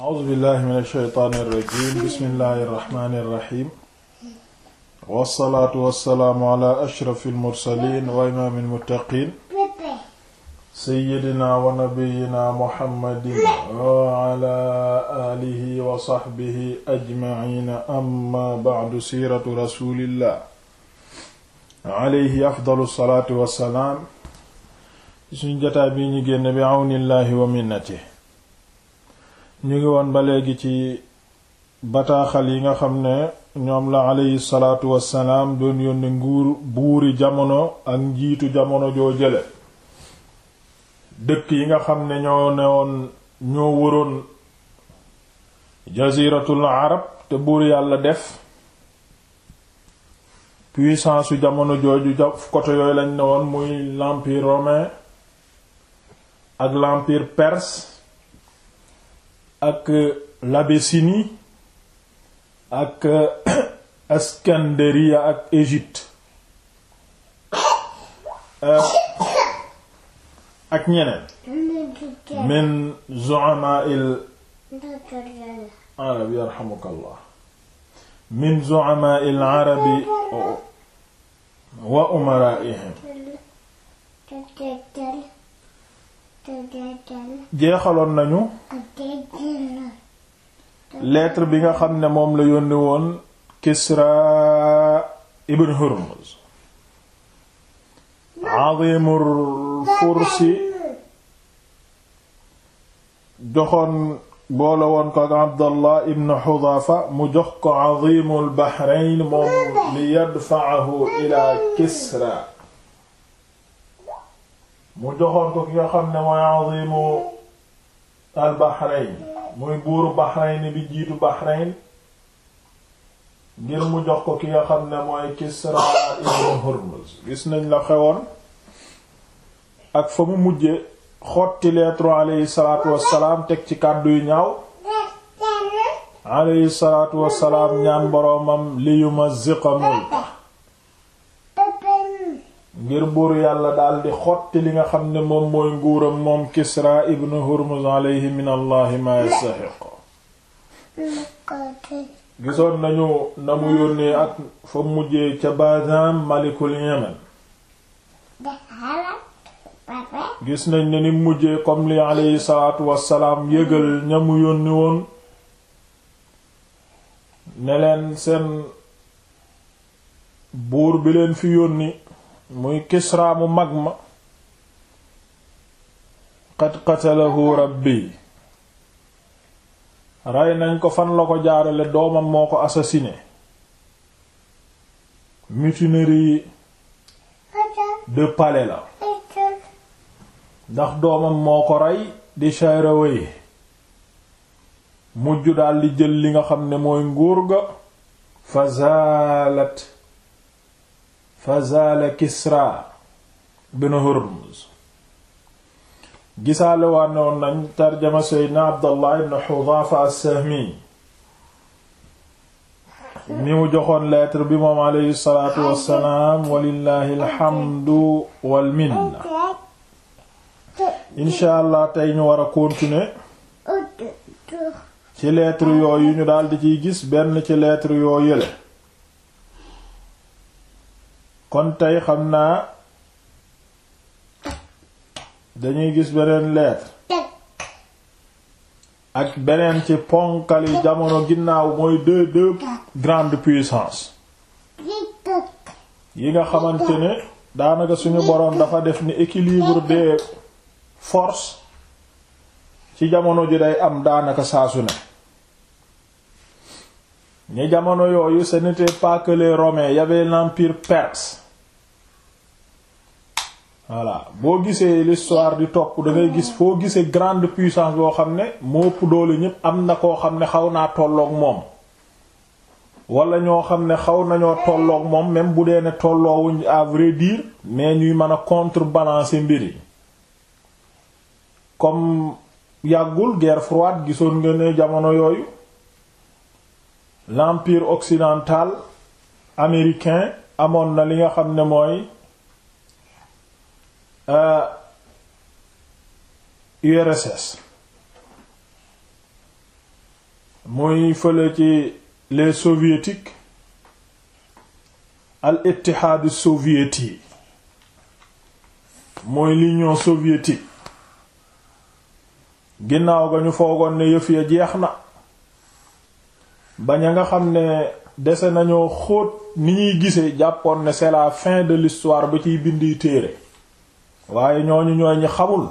a'uuzu billahi min alsheytaani irrajim bismillahi irrahmani irrahim wassalaatu wassalaamu ala ashrafi almursalin wa imaami almuttaqin seyidina wa nabiyina muhammadin wa ala aalihi wa saxbihi ajmaciina amma bacdu siiratu rasulillah alayhi afdalu salaatu wassalaam suñ jotaay bi ñu génn bi awnillahi wa minnatihi ñu ngi woon ba léegi ci bataaxal yi nga xam ne ñoom la aleyhi salaatu wassalaam doon yónni nguur buuri jamono ak njiitu jamono joo jële dëkk yi nga xam ne ñoo newoon ñoo wëroon jaziratul arab te buur yàlla def puissance jamono jooju ja côté yooyu lañ newoon muy l'empire romain ak l'empire perse ak euh, l'Abyssinie ak euh, Iskandariya ak Égypte euh, ak ñeneen min zu'ama il arab min zu'ama wa umara'ihim jeexaloon nañu lettre bi nga xam ne moom la yónni woon Kisra ibn Hurmuz azimul fursi joxoon boole woon ko ak Abdallah ibn Hudhafa mu jox ko azimul Bahrayn moom li mu joxoon ko ki nga xam ne mooy azimu al Bahrain muy buuru Bahrain bi jiitu Bahrain ngir mu jox ko ki nga xam ne mooy Kisra ibn Hurmuz gis nañ la xewoon ak fa mu mujje xotti lettre aleyhi salaatu wassalaam teg ci kàddu yu ñaaw aleyhi salaatu wassalaam ñaan boroomam li yumazziqa mulk ngir buur yàlla daldi xotti li nga xam ne moom nañu na mu ca Bazam malikul Yaman gis nañ ne ni mujjee comme li alayhi salaatu wassalaam yëgal ña yónni woon ne seen buur bi leen fi yónni muy kisraa mu mag ma qad qatalahu bi rey nañ ko fan la ko jaarale doomam moo ko assassiné mutinerie de palais la ndax doomam moo ko rey di Shayrawayh mujj daldi jël li nga xam ne mooy nguur ga fa fazaala kisra bin hurmuz gisaale waane nañ tarjama seydna abdallah ibn xudaafa as-sahmi mi mu joxoon lettre bi moom aleyhi salaatu wassalaam walillahi alhamdu wal minna allah tey ñu war a continuer ci lettre yooyu ñu daldi ciy gis benn ci lettre yoo yële kon tey xam naa dañuy gis beneen lettre ak beneen ci ponkali jamono ginnaaw mooy deux deux grandes puissances yi nga xamante ne daanaka suñu boroom dafa def ni équilibre des force ci jamono ji day am daanaka saa su ni jamono yooyu ce n'était pas que les Romains il y voilà boo gisee l'histoire di topp da ngay gis foo gisee grande puissance boo xam ne moo ëpp doole ñépp am na koo xam ne xaw naa tolloog moom wala ñoo xam ne xaw nañoo tollook moom même bu dee ne tolloowu à vrai dire mais ñuy mën a contrebalancer mbir yi comme yàggul guerre froide gisoon nga ne jamono yooyu l'empire occidental américain amoon na li nga xam ne mooy URSS euh, muy fële ci les soviétiques al ittihaadu soviétique mooy l'union soviétique ginnaaw ga ñu foogoon ne yëf ya jeex na ba ña nga xam ne dese nañoo xóot ni ñuy gisee jàppoon ne c'est fin de l'histoire ba ciy bindi téere waaye ñooñu ñooy ñi xamul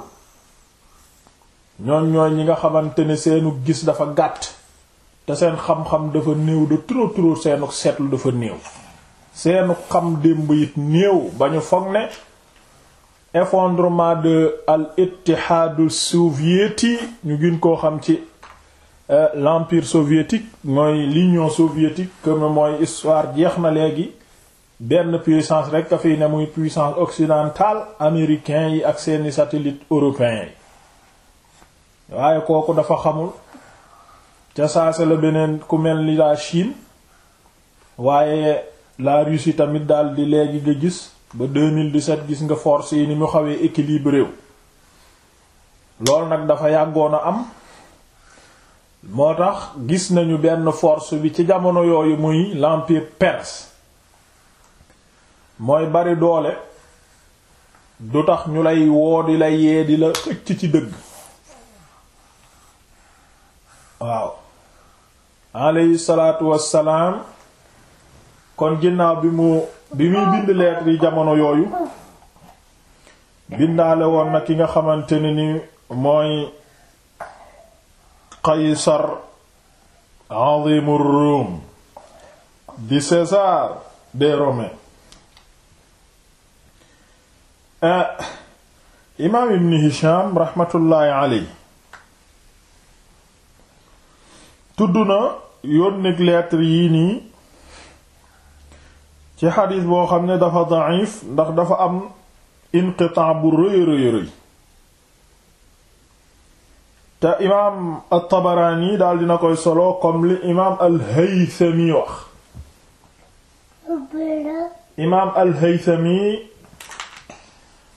ñooñ ñooy ñi nga xamante ne seenu gis dafa gàtt te seen xam-xam dafa néew de trop trop seenu seetlu dafa néew seenu xam démb it néew ba ñu foog ne effondrement de al ittihaadu soviéti ñu gën koo xam ci Euh, l'empire soviétique mooy l'union soviétique comme mooy histoire jeex na léegi benn puissance rek a fi ne muy puissance occidentale américain yi ak seeni satellite européens yi waaye kooku dafa xamul ca saase la beneen ku mel ni la Chine waaye la Russie tamit daal di léegi nga gis ba 2017 gis nga force yi ni mu xawee équilibré wu loolu nag dafa yàggoon a am moo tax gis nañu benn force bi ci jamono yooyu muy l'empire perse mooy bari doole du tax ñu lay woo di lay yee di la xëcc ci dëgg waaw aleyhi salaatu wassalaam kon ginnaaw bi mu bind lettre jamono yooyu bindaale woon na ki nga xamante ne ni mooy qaysar azimu Rum di César des eh, tudd na yónni lettre yi nii ci xadiis boo xam ne dafa da'if ndax dafa am inqitaa bu rëy rëy rëy te imaam at-Tabaraani daal dina koy solo comme li imaam al-Haythami wax imaam al-Haythami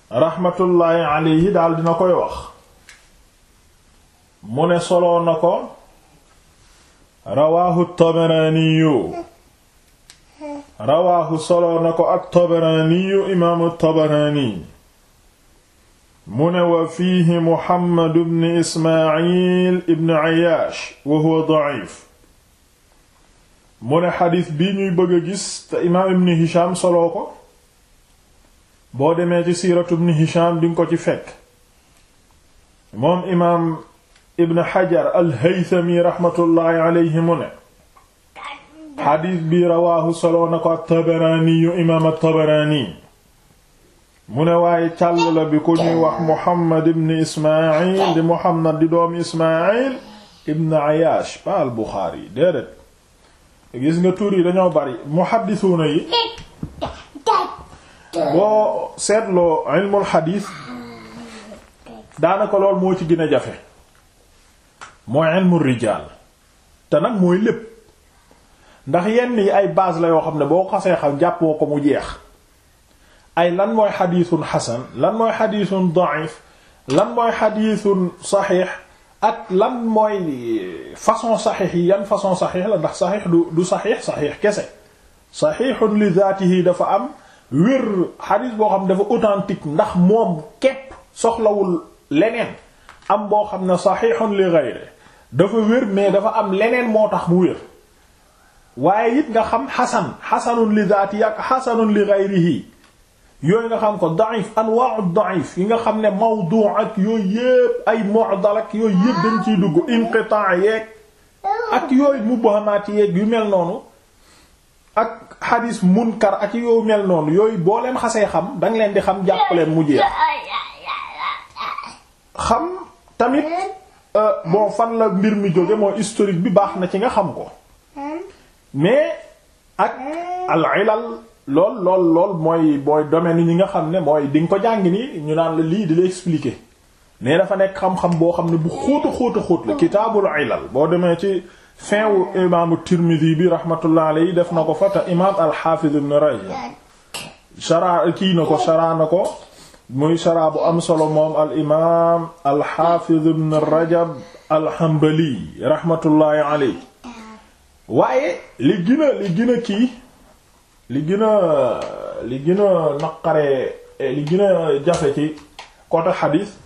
raxmatullaahi alayhi koy wax mu ne solo na ko rawaahu at-Tabaraaniyu rawaahu solo na ko at-Tabaraaniyu imaam at-Tabaraani mu ne wa fiihi Muhammad ibn Ismaayil ibn Ayyaash wa huwa da'if mu ne xadis bii ñuy bëgg a gis te imaam ibn Hisham soloo ko boo demee ci siiratu ibn Hisham dinga ko ci fekk moom imaam ibn Hajar al-Haythami raxmatullaahi alayhi mu ne xadis bii rawaahu soloo na ko at-Tabaraani imaam at-Tabaraani mu ne waaye càll la bi ku ñuy wax Muhammad ibn Ismaïl di Muhammad di doomu Ismaïl ibn Ayaash ba al-Buxaari gis nga tuur yi dañoo bari muhaddisuuna yi boo seetloo ilmul xadiis daanaka lool moo ci gën jafe mooy ilmul rijaal te nag mooy lépp ndax yenn yi ay base la yoo xam ne boo xasee xam jàppoo ko mu jeex ay lan mooy xadiisun xasan lan mooy xadiisun da'if lan mooy xadiisun saxiix ak lan mooy façon saxiix yi yan façon saxiix la ndax saxiix du du saxiix saxiix kese saxiixun li zaatihi dafa am wér xadiis boo xam dafa authentique ndax moom képp soxlawul leneen am boo xam ne saxiixun li ghayri dafa wér mais dafa am leneen moo tax mu wér waaye it nga xam xasan xasanun li zaatihi ak xasanun li ghayrihi yooyu nga xam ko da'if anwaa'u da'if yi nga xam ne mawdu' ak yooyu yépp ay mu'dal ak yooyu yépp dañ ciy dugg inqitaa yeeg ak yooyu mubhamaat yeeg yu mel noonu ak xadis munkar ak yooyu mel noonu yooyu boo leen xasee xam danga leen di xam jàppaleen mu jeex xam tamit euh, bon fan la mbir mi jóge mooy historique bi baax na ci nga xam ko hmm? mais ak al ilal lool lool lool mooy booy domaine yi ñi nga xam ne mooy di nga ko jàng nii ñu naan la lii di la expliquer mais dafa nekk xam-xam boo xam ne bu xóota xóota xóot la boo demee ci fin wu imaamu Tirmidhi bi rahmatullah alayhi def na ko fa te imaam al-Hafiz kii na ko shara na ko muy shara bu am solo moom al imaam al-Hafiz ibn Rajab al-Hanbali rahmatullahi waaye li gën li gën kii li gën a li gën a naqaree eh, li gën a jafe ci côté xadiis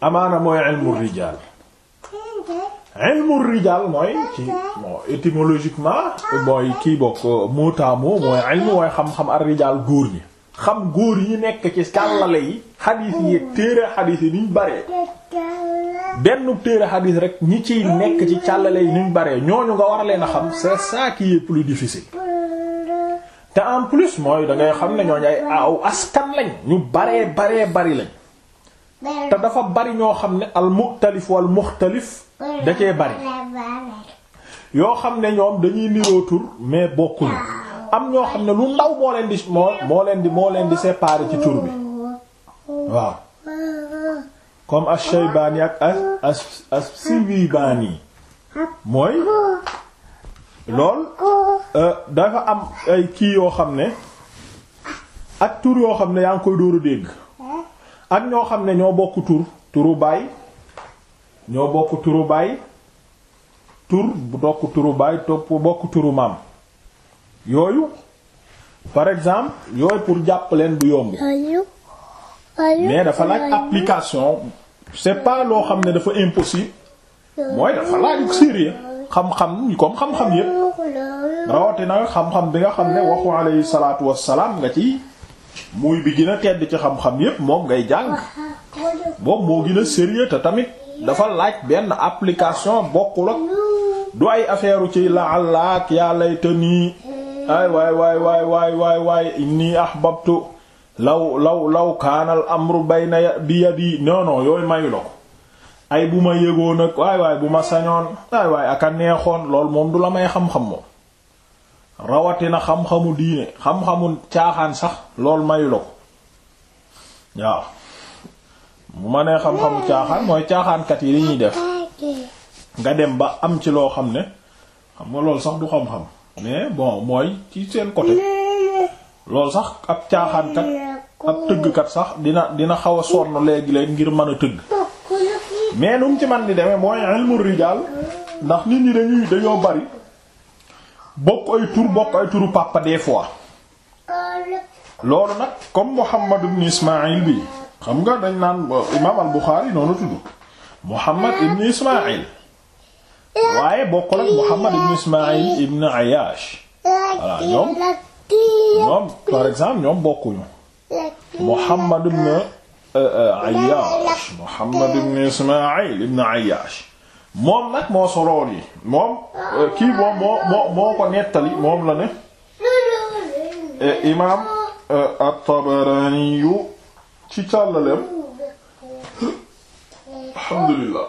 amaana mooy ilmu rijaal ilmu rijaal mooy ci bon étymologiquement mooy kii bokk mot à mot mooy ilmu mooy xam-xam ar rijaal góor ñi xam góor yi nekk ci kàllale yi xadiis yi téere xadiis yi niñ bare benn téere xadiis rek ñi ciy nekk ci càllale yi niñ bare ñooñu nga war leen a xam c'est ça qui plus difficile te en plus mooy da ngay xam ne ñooñ ay aw askan lañ ñu baree bare bari lañ te dafa bari ñoo xam ne al muxtalif wal muxtalif da cee yoo xam ne ñoom dañuy niroo tur mais bokkuñu am ñoo xam ne lu ndaw moo leen di moo moo leen di moo ci tur bi waaw comme as-Shaybani ak as mooy lool euh, dafa am ay kii yoo xam ne ak tur yoo xam ne yaa ngi koy a dégg ak ñoo xam ne ñoo bokk tur turu baay ñoo bokk turu baay tur bu dokk turu baay topp bokk turu maam yooyu par exemple yooyu pour jàpp leen du yomb mais dafa laaj application c'est pas loo xam ne dafa impossible mooy dafa laaj sérieux xam-xam comme xam-xam yépp rawatina xam-xam bi nga xam ne waxu alayhi salaatu wassalaam nga ci muy bi gën a tedd ci xam-xam yépp moom ngay jàng boobu moo gën a tamit dafa laaj benn application bokkul ak du ay affaire ci la àllaak yaa layta nii ay waay waay waay waay waay waay inni ahbabtu law law law kaanal amru bayna bi yadi non non yooyu mayu la ko ay bu ma yëgoon nag waay waay bu ma sañoon waay waay ak a neexoon lool moom du la may xam-xam moom rawatina xam-xamu diine xam-xamu caaxaan sax lool mayu la ko waaw bu ma nee xam-xamu caaxaan mooy caaxaankat yi li ñuy def nga dem ba am ci loo xam ne xam nga loolu sax du xam-xam mais bon mooy ci seen côté loolu sax ab caaxaankat ab tëggkat sax dina dina xaw a sonn léegi-léegi ngir mën a tëgg mais nu mu ci man di demee mooy ilmu rijaal ndax nit ñi dañuy dañoo bari bokk ay tur bokk ay turu papa des fois loolu nag comme Muhammad ibn Ismaïl bi xam nga dañ naan euh, imaam al Bukhari noonu tudd Muhammad ibn Ismaïl waaye bokkul ak Muhammad ibn Ismaïl ibn Ayyash voilà ñoom par exemple ñoom bokkuñu Muhammad ibn Euh, euh, Ayyaash Muhammad ibn Ismaayil ibn Ayyaash moom nag moo soroor yi moom euh, kii moom moo moo moo ko nettali moom la ne eh, imaam at-Tabarani ci càllaleem alhamdulillah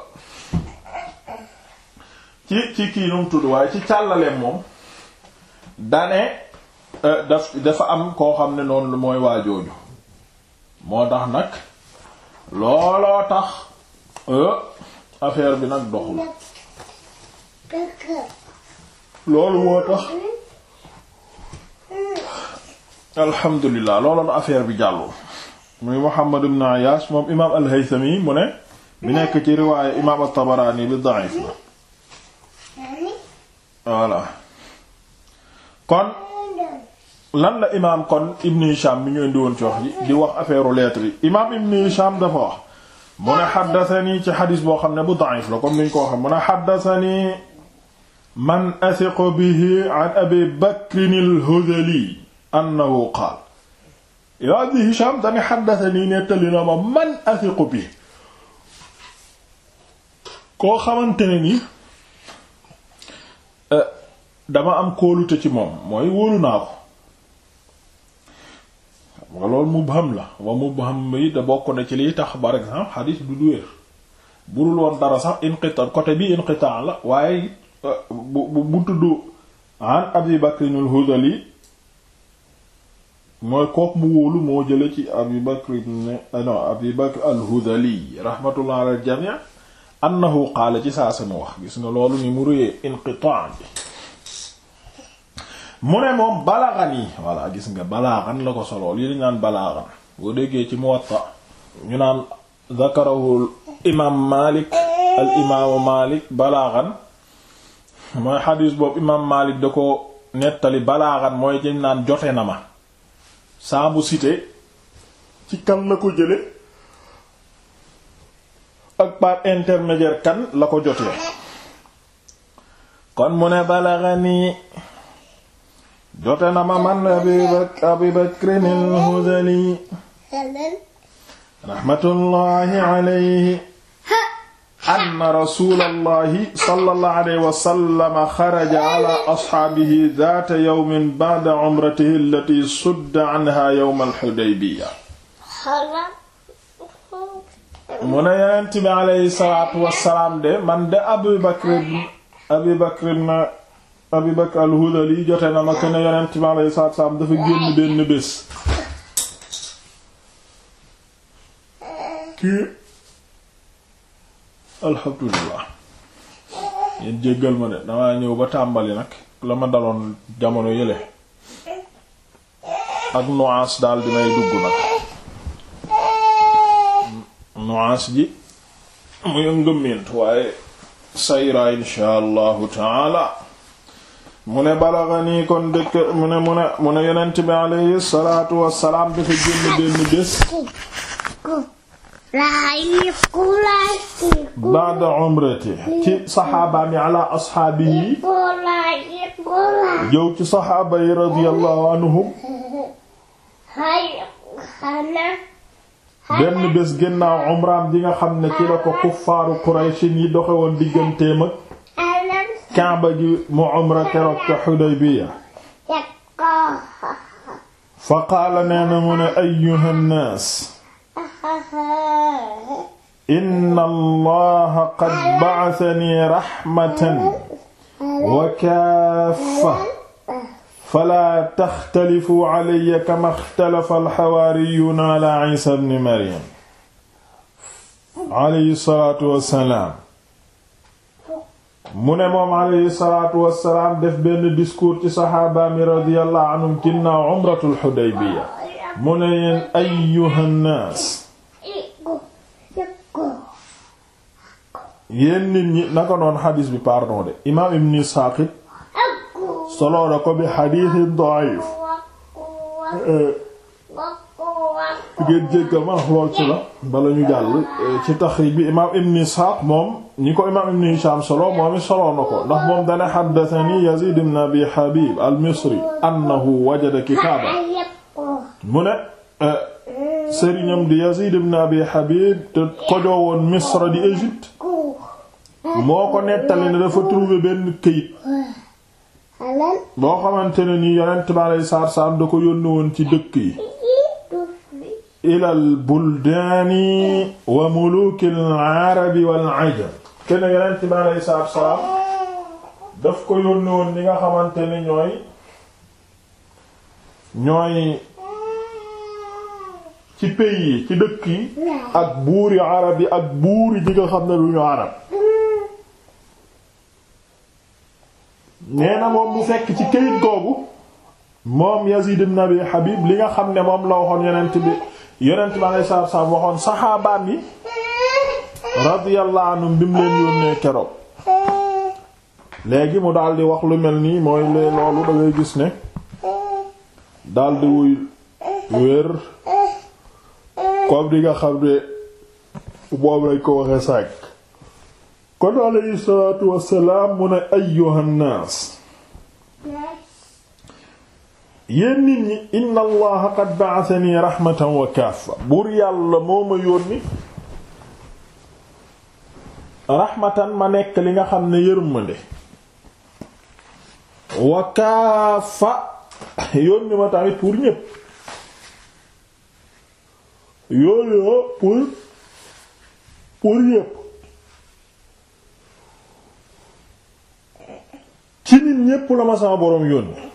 ci ci kii num tudd waaye ci càllaleem moom dane daf dafa am koo xam ne noonu mooy waajooju moo tax nag looloo tax euh, affaire bi nag doxul loolu moo tax alhamdulilah looloon affaire bi jàll muy Muhammad ibn moom imaam al-Haythami mu ne bi nekk ci riwaaya imaam at-Tabarani bi da'if la voilà kon lan la imaam kon Ibn Hisham mi ñu indi woon ci wax ji di wax affaire lettre yi imaam Ibn Hisham dafa wax mu ne xaddasani ci xadis boo xam ne bu da'if la comme ni ñu ko waxee mu ne xaddasani man athiqu bihi an abi koo xamante ne ni eh, dama am kóolute ci moom mooy wóolu naa ko mooy loolu mubham la wa mubham yi da bokk na ci liy tax par exemple xadis du du wér burul woon dara sax inqita côté bi inqita la waaye euh, bu bu tudd an Abi Bakr mooy kook mu wóolu moo jële ci Abi Bakr ibn euh, non Abi Bakr al-Hudali rahmatullah al-jami' annahu qaala ci saa sama wax gis nga loolu ni mu réyee inqita bi mu ne moom balaaxan yi voilà gis nga balaaxan la ko solo lii dañu naan balaaxan boo déggee ci Muwatta ñu naan zakarahu imaam Malik al imaamu Malik balaaxan mooy xadiis boobu imaam Malik da ko nettali balaaxan mooy dañ naan jote na ma saabu bu cité ci kan la ko jële ak par intermédiaire kan la ko jotee kon mu ne balaaxan jote na ma man Abi Bakrin al-Hudhali raxmatullaahi alayhi anna rasuulallaahi sallallaahu alayhi wa sallam xaraja alaa asxaabihi daata yawmin ba'da umratihi allatii sudda anhaa yawmal Hudaybiya mu ne Yonent bi alayhi salaatu wa salaam de man de Abi Bakrin Abi Bakrin Abi Bakr al-Hudhali jote na ma kenn yonent bi alayhi salaatu dafa génn benn bés ki alhamdulillah yéen jéggal ma de damaa ñëw ba tàmbali nag la ma daloon jamono yële ak nuance daal di dugg nag nuance ji muy ngëmment waaye sayra insha allahu taala mu ne balagani kon dëkk mu ne mu ne mu ne yonent bi alayhi salaatu wassalaam dafa génn benn benn bés ginnaaw umraam di nga xam ne ci la ko kuffaaru Quraysh yi doxe woon digganteem kaaba gi mu umra keroog ca Xudaybiya fa qaala nee na mu ne ayyuha nnaas inna allaha qad ba'athanii raxmatan wa kaaffa falaa taxtalifuu calayya kamaa ixtalafa alxawaariyuuna calaa ciisa bni maryam alayhi salaatu wassalaam mu ne moom alayhi salaatu wassalaam def benn discours ci saxaabaami radiyallahu anhum ginnaaw umratul xudaybiya mu ne yeen ayyuhannaas yéen nit ñi naka noon xadiis bi pardon de imaam ibn Isxaaq solo da ko bi xadiis da'if ngeen jéggal ma lool ci la bala ñu jàll eh, ci taxrij bi imaam ibn Isxaaq moom ñi ko imaam ibn Hishaam solo moom it ko ndax moom dana haddathanii Yaziid ibn Abi Habiib al-Misri annahu wajada mu ne eh, sëriñam di Yaziid ibn Abi Habiib te kojoo woon Misra di Égypte moo ko nettali ne dafa trouver benn këyit boo xamante ne nii Yonent bi alayhi salaatu wa ko yónni woon ci dëkk yi ilal buldaani wa mulukil arabi wal ajam kenn yonent bi aleyhi salaatu wa salaam daf ko yónni woon ñi nga xamante ni ñooy ñooy ci pays yi ci dëkk yi ak buuri arab yi ak buuri ñi xam ne lu ñu arab nee moom mu fekk ci këyit googu moom Yazid ibn Habib li nga xam ne moom la waxoon yonent bi yonent bi alayhi salaatu salaam waxoon saxaabaan yi radiyallahu anhum bi mu leen keroog léegi mu daldi wax lu mel nii mooy lee loolu da gis ne daldi wuy wér comme di xam ne boobu lañ ko waxee sàkk kon alayhi salaatu wassalaam mu ne ayyuhan naas yéen nit ñi inna allaha qad ba'athani rahmatan wa buur yàlla moo ma yónni rahmatan ma nekk li nga xam ne yërmande wa yónni ma tamit pour ñépp yónni ma ñépp ci nit ñépp la ma sama boroom yónni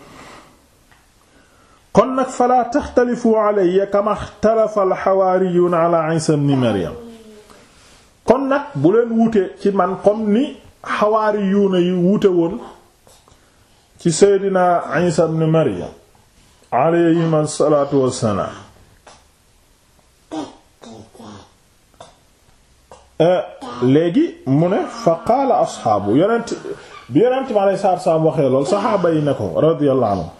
kon nag falaa taxtalifu alayya kama ixtalafa alxawaariyun ala isa ibn maryam kon nag bu leen wute ci man comme ni xawaariyuuna yi wute woon ci seydina isa ibn maryam alayhim asalaatu wassalaam eh, léegi mu ne fa qaala asxaabu yonent bi yonent ma lay saar saam waxee lool saxaaba yi ne ko radiyallahu anhu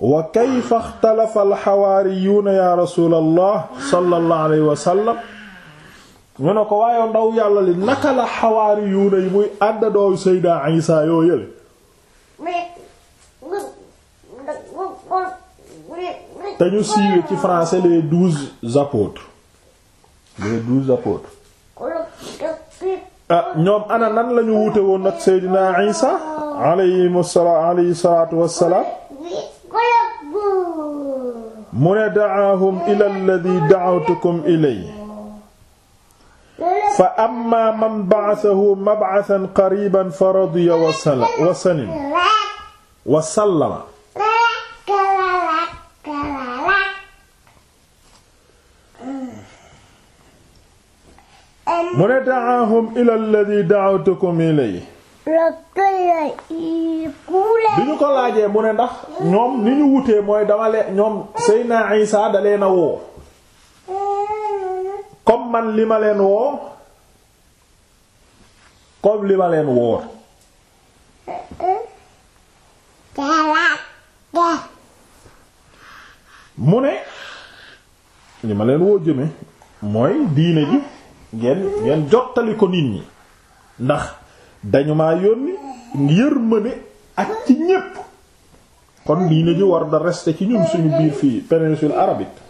wa kayfa ixtalafa alxawaariyuuna ya rasuulallah sallallahu alayhi wa sallam ñu ne ko waaye ndaw yàlla li naka la xawaariyuuna yi muy àdda dooyu Seydina Isaa yoo yële te ñu siiwee ci français les douze apôtres ah ñoom ana nan lañu wute woon nag Seydina Isaa alayhi salaatu wassalaam mu ne da'aahum ila alladhi da'awtukum ilayhi fa amma man ba'athahu mab'athan qariban fa radiya wa sallama wa sallama mu ne da'aahum ila alladhi da'awtukum ilayhi bi ñu ko laajee mu ne ndax ñoom ni ñu wutee mooy dama leen ñoom sëy naa da leen a woo comme man li ma leen woo comme li ma leen woor mu li ma leen woo jëme mooy diine ji ngeen ngeen jottali ko nit ñi ndax dañu maa yónni yërmande ak ci ñépp kon diine ji war da rester ci ñun suñu biir fii péninsule arabique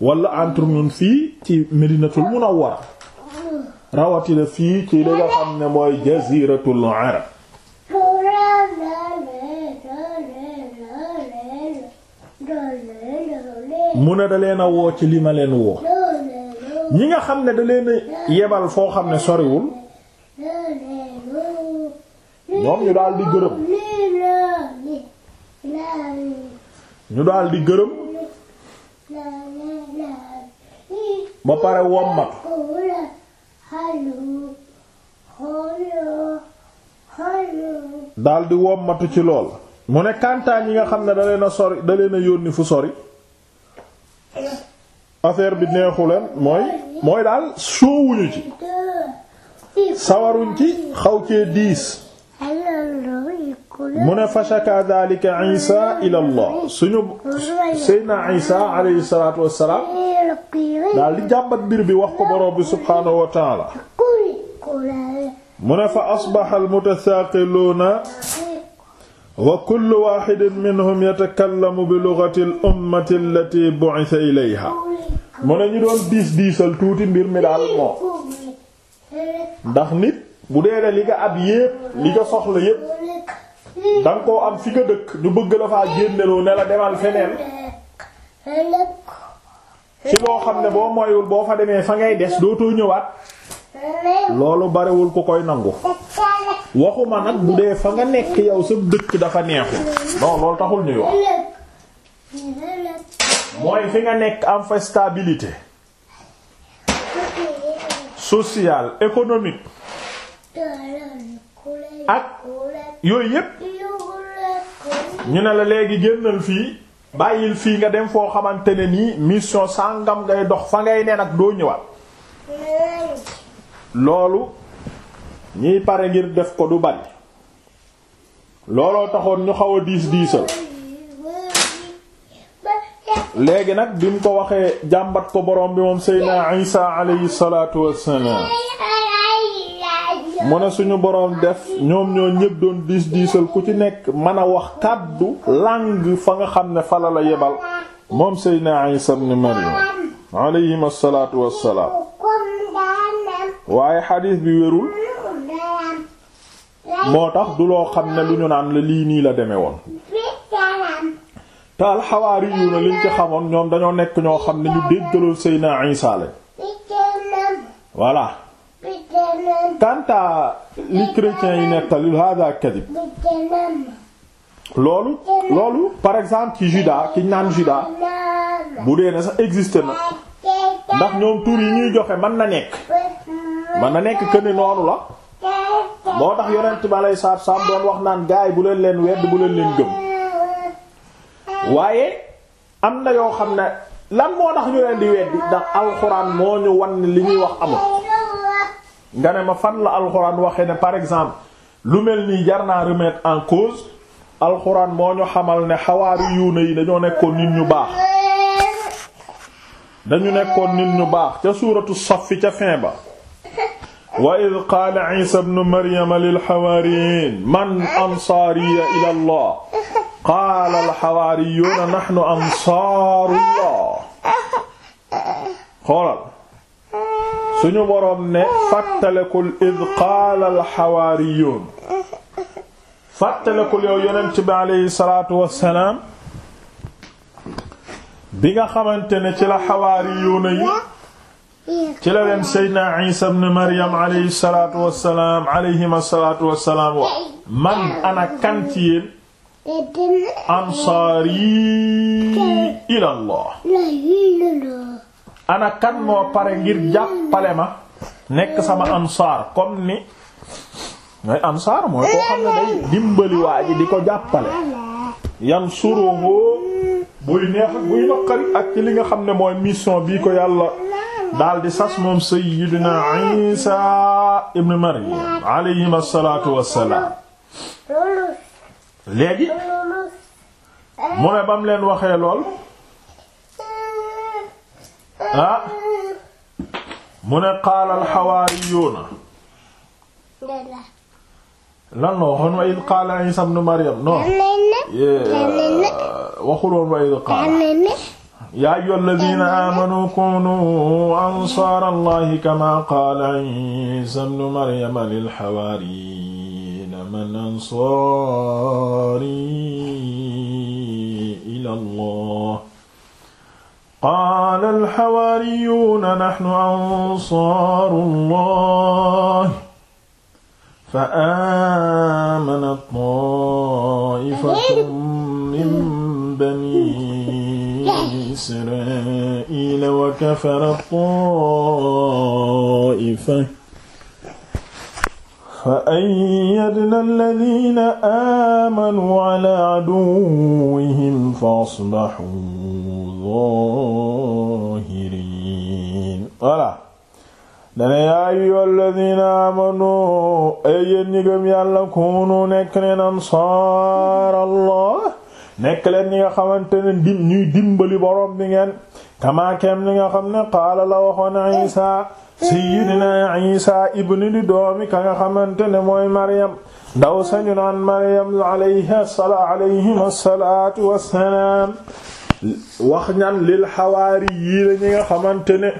wala entre ñun fii ci medinatul munawwara rawatina fii ci li nga xam ne mooy jaziratul arab mu ne da woo ci li ma leen woo ñi nga xam ne da yebal foo xam ne sorewul ñoom ñu daal di gërëm ñu daal gërëm ba pare wommat daal di ci lool mu ne kantaan yi nga xam ne da leen a sori da yónni fu sori affaire bi neexu leen mooy mooy daal soowuñu ci sawaruñ ci xaw cee diis mu ne fashaka daalika Isa ila Allah suñu Seydina di jàmbat mbir bi wax ko borom bi subhaanahu wa taala mu ne fa asbaha al-mutasaaqiluuna wa kullu waahidin minhum yatakallamu bi lughati al-ummati allati bu'itha ilayha mu ne ñu doon diis diisal tuuti mbir mi daal moo bu dee li nga ab yépp li nga soxla yépp da nga koo am fi nga dëkk ñu bëgg la faa ne la demal feneen ci loo xam ne boo moyul boo fa demee fa ngay des dootoo ñëwaat loolu bariwul ku koy nangu waxuma nag bu dee fa nga nekk yow sa dëkk dafa neexul non loolu taxul ñuy wax mooy fi nga nekk am fa stabilité sociale économique ak yooyu yépp ñu ne la léegi génnal fii bàyyil fii nga dem foo xamante ne nii mission sàngam ngay dox fa ngay ne nag doo ñëwaat loolu ñiy pare ngir def ko du bari looloo taxoon ñu xaw a diis diisal léegi nag bi ko waxee jàmbat ko borom bi moom Seydina Isa alayhi salaatu wassalaam mu ne suñu boroom def ñoom ñoo ñëpp doon diis diisal ku ci nekk mën a wax kàddu langue fa nga xam ne fala la yebal moom Seydina Isa ibn Maryam alayhim asalaatu wassalaam waaye xadiis bi wérul moo tax du loo xam ne lu ñu naan la lii nii la deme woon te alxawaari yu na liñ ci xamoon ñoom dañoo nekk ñoo xam ne ñu déggaloon Seydina Isa la kanta li chrétiens yi nettali hada kadib loolu loolu par exemple ci juda ki naan juda bu dee ne sax existe na ndax ñoom tuur yi ñuy joxe man na nekk mën na nekk que ne noonu la moo tax yonent bi aleyhi salaatu salaam doon wax naan gaay bu leen leen wedd bu leen leen gëm waaye am na yoo xam ne lan moo tax ñu leen di weddi ndax alxuraan moo ñu wan li ñuy wax amul nga ne ma fan la alxuraan waxe ne par exemple lu mel nii jar naa remettre en cause alxuraan moo ñu xamal ne xawaari yuuna yi dañoo nekkoon nit ñu baax dañu nekkoon nit ñu baax ca suuratu safi ca fin ba wa id qaala isa ibnu maryama lilxawaariyin man ansaariya ila allah qaala alxawaariyuuna naxnu ansaarullah suñu boroom ne fàttalikul id qaala alxawaariyuun fàttalikul yow yonent bi aleyhi salaatu wassalaam bi nga xamante ne ci la xawaariyuuna yi ci la leen seydna isa ibn maryam aleyhi salaatu wassalaam aleyhim salaatu wassalaam wa man ana kan ci yéen ansaari ila allah ana kan moo pare ngir jàppale ma nekk sama ansaar comme ni mooy ansaar mooy koo xam ne day dimbali di ko jàppale yansuruhu buy neex buy naqari ak ci li nga xam ne mooy mission bii ko yàlla daal di sas moom sayyidina Isa ibn Maryam alayhim asalaatu wassalaam léegi mu ne bam leen waxee lool ah mu ne qaala alxawaariyuuna lan la waxoon wa id qaala Isa ibn Maryam non waxuloon wa id qaala yaa ayyuha alladina aamanu kunu ansaar allahi kama qaala Isa ibn Maryam lil hawaariyiina man ansaari ila allah qaala alxawaariyuuna naxnu ansaaru llah fa aamanat taa'ifatun min banii israa'iila wa kafarat taa'ifa fa ayyadna alladina amanu ala aduwwihim fa asbahu zahirin voilà dana yaa ayyuha alladina amanu ay yéen ñi gëm yàlla kunu nekk neen ansaar allah nekk leen ñi nga xamante ne dim ñuy dimbali borom bi ngeen kama kem li nga xam ne qaala la waxoon Isa sayyidina Isa ibn di doomi ka nga xamante ne mooy Maryam ndaw sañu naan Maryam alayha alayhim assalaatu wassalaam wax ñan lil xawaari yii la ñi nga xamante ne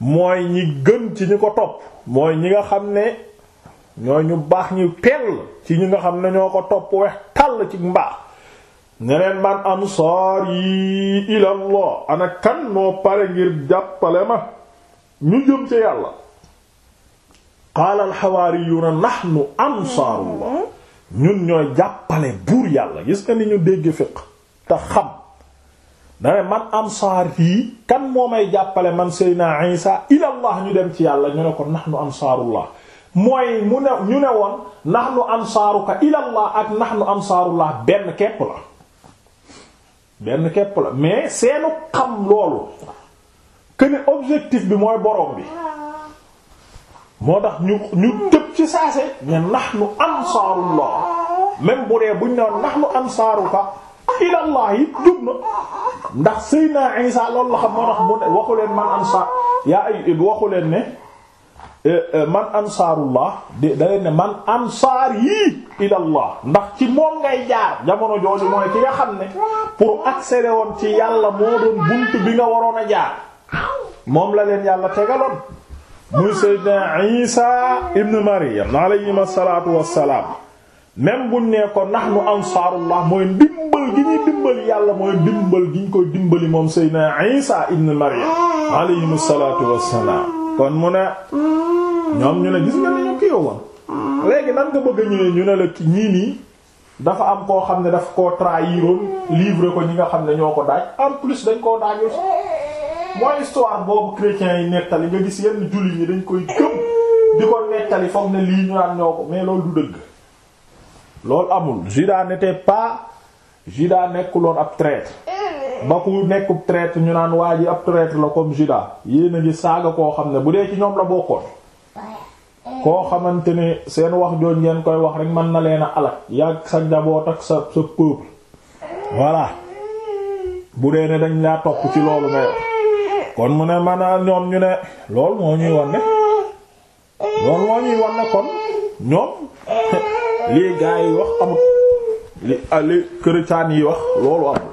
mooy ñi gën ci ñi ko topp mooy ñi nga xam ne ñoo ñu baax ñu pell ci ñi nga xam ne ñoo ko topp wex tàll ci mbaax ne leen man ansaar yi ilallah ana kan moo pare ngir jàppale ma ñu jëm ca yàlla qaala alxawaariyuuna nahnu ansaarullah ñun ñooy jàppale buur yàlla gis nga ni ñu dégg fiq te xam dane man ansaar yii kan moo may jàppale man seyna isa ilallah ñu dem ci yàlla ñu ne ko nahnu ansaarullah mooy mu ne ñu ne woon nahnu ansaaruka ilallah ak nahnu ansaarullah benn kepp la benn kepp la mais seenu xam loolu que objectif bi mooy borom bi moo tax ñu ñu tëb ci saase ne nahnu ansaarullah même bu dee buñ ne nahnu ansaaruka ilallah yi jub na ndax Seydina Isa lool la xam moo tax mu ne waxu leen man ansaar yaa waxu leen ne eh, eh, man ansaarullah di da leen ne man ansaar yii ilallah ndax ci moom ngay jaar jamono jooju mooy ki nga xam ne pour accéder woon ci yàlla moo doon bunt bi nga waroon a jaar moom la leen yàlla tegaloon muy seydina isa ibn maryam alayhim asalaatu wassalaam même buñ nee ko nahnu ansaarullah mooy ndimbal gi ñuy dimbali yàlla mooy dimbal gi ñu koy dimbali moom seydina isa ibn maryam alayhim asalaatu wassalaam kon mu ne ñoom ñu ne gis nga ni ñu ki yowoon léegi nan nga bëgg ñu ne ñu ne la ñii nii dafa am koo xam ne dafa koo trahiroon livre ko ñi nga xam ne ñoo ko daaj en plus dañ koo daajul mooy histoire boobu chrétiens yi nettali nga gis yenn jullit ñi dañ koy gëm di ko nettali foog ne lii ñu naan ñoo ko mais loolu du dëgg loolu amul Judas n'était pas Judas nekkuloon ab traître ba ku nekkub traître ñu naan waaj ji ab traître la comme Judas yéen a ngi saaga koo xam ne bu dee ci ñoom la bokkoon koo xamante ne seen wax jooj ngeen koy wax rek mën na leen a alal yàgg sa njaboot ak sa sa peuple voilà bu dee ne dañ laa topp ci loolu nga kon mu ne maanaam ñoom ñu ne lool moo ñuy wan ne lool moo ñuy wan ne kon ñoom lii gaa wax amut li ah, li chrétien yi wax loolu amul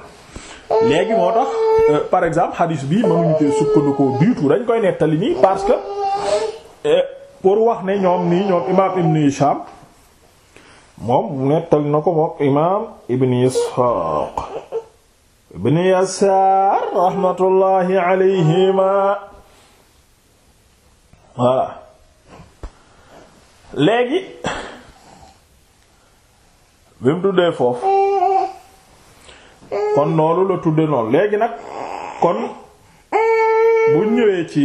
léegi moo tax euh, par exemple hadis bi mënuñu te sukkandikoo du tout dañ koy nettali nii parce que euh, pour wax ne ñoom nii ñoom imaam Ibn Hisham moom nettali na ko moom imaam Ibn Ishaq ibn Yasaar raxmatullaahi alayhima voilà léegi bi mu tuddee foofu kon noonu la tudde noonu léegi nag kon bu ñëwee ci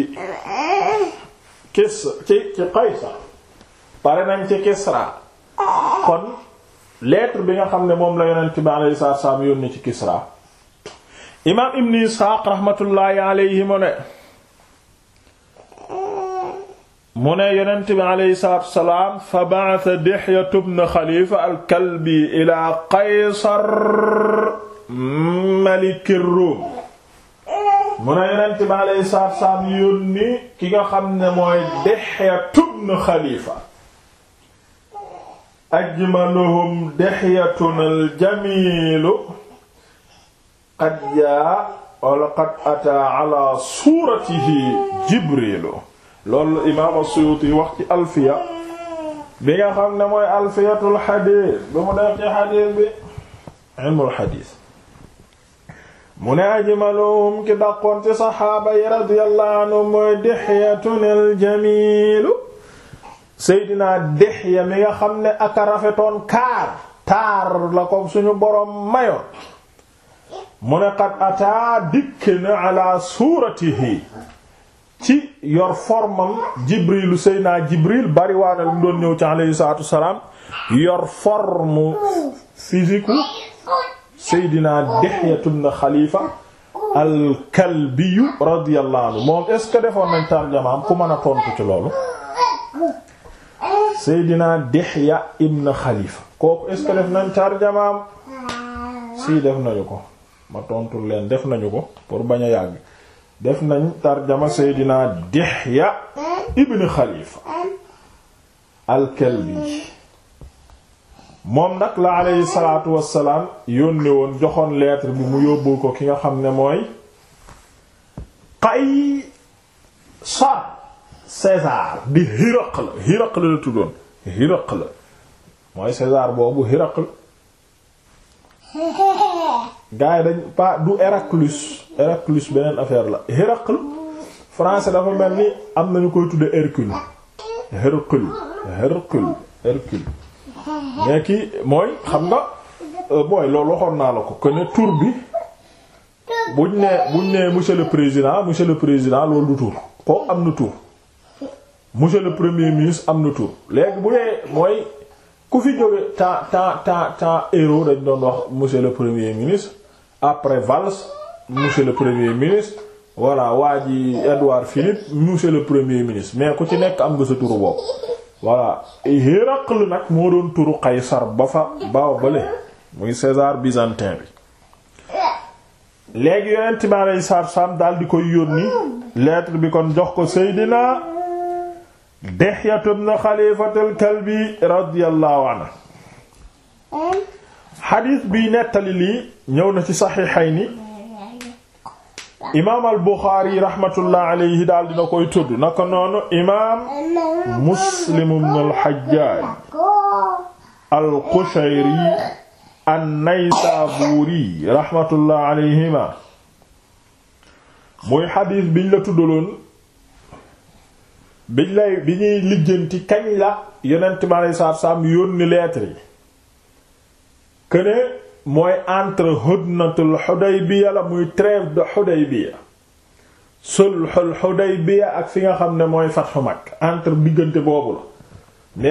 kis ci ci Qaysar pare nañ ci Kisra kon lettre bi nga xam ne moom la yonent bi alayhi salaam yónni ci Kisra imaam ibn isxaaq raxmatullaahi alayhi mu ne mu ne yonent bi alayhi salaatu wasalaam fa ba'atha Dihyatu bnu Xalifa al-Kalbi ilaa Qaysar maliki Ruum mu ne yonent bi alayhi salaatu wasalaam yónni ki nga xam ne mooy Dihyatu bnu Xalifa ajmaluhum Dihyatun al-jamiilu qad jaa wala qad ataa ala suuratihi jibrilu loolu imaam as-Suyuti wax ci alfiya bi nga xam ne mooy alfiyatul xadiis bi mu def ci xadiis bi ilmul xadiis mu ne ajmaluhum ki daqoon ci saxaaba yi radiyallahu anhum mooy Dihyatun al-Jamiil Seydina Dihya mi nga xam ne aka rafetoon kaar taar la ko suñu boroom mayoon mu ne qad ataa dikk na ala suuratihi ci yor formam jibrilu seyna jibril bariwaana lu mu doon ñëw ci alayhi salaatu wassalaam yor forme physique seydina Dihyatu ibn Xalifa al-Kalbiyu radiyallahu anhu moom est defoon nañ tarjamaam ku mën a tontu ci loolu seydina Dihya ibn Xalifa kooku est def nañ tarjamaam si def nañu ko ma tontul leen def nañu ko pour bañ a yàgg def nañ tarjama seydina Dihya ibn Khalifa al moom nag la aleyhi salaatu wassalaam yónni woon joxoon lettre bi mu yóbbul ko ki nga xam ne mooy Qaysar César di Hiraql Hiraql la tuddoon Hiraql mooy César boobu Hiraql gars yi dañ pas du Héraclus Héraclus beneen affaire la Héracle français dafa mel ni am nañu koy tudde Hercule Hercule Hercule Hercule kii mooy xam nga euh, mooy loolu naa la ko que ne tur bi buñ ne buñ nee monsieur le président monsieur le président loolu du tur ko am na tur monsieur le premier ministre am na tur léegi bu dee mooy ku fi jóge temps temps temps temps dañ doon wax monsieur le premier ministre après Valls monsieur le premier ministre voilà waa ji Édouard Philippe monsieur le premier ministre mais ku ci nekk am nga sa turu bopp voilà Héracle nag moo doon turu Qaysar ba fa baaw bale muy César byzantin bi léegi yonent bi alayhi salaatu salaam daal di koy yónni lettre bi kon jox ko Seydina Dihya ibn Xalifatul Kalbi radiyallahu anhu xadiis biy nettali lii ñëw na ci saxiixayni imaam al buxaari raxmatullah alayhi daal dina koy tudd naka noonu imaam muslim ibn al xajjaaj al qushayri an naysaabuuri raxmatullah muy xadiis biñ la tuddaloon biñ lay bi ñuy lijjanti kañ la yonent bi alayhi salaam yónni lettre yi këne mooy entre hudnatul Hudaybiya la muy trêve de Hudaybiya sulhul Hudaybiya ak fi nga xam ne mooy fathu Makka entre diggante boobu la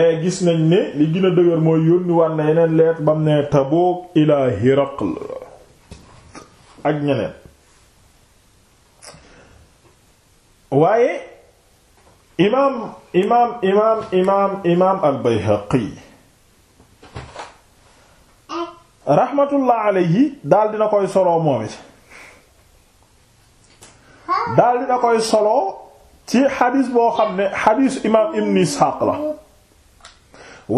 mais gis nañ ne li gën a dëgër mooy yónni war na yeneen leet bam ne Tabuk ilaa Hiraql ak ñeneen waaye imaam imaam imaam imaam al-Bayhaqi rahmatullah alayhi daal na koy solo moom it daal na koy solo ci xadis boo xam ne xadisu imaam ibn Ishaq la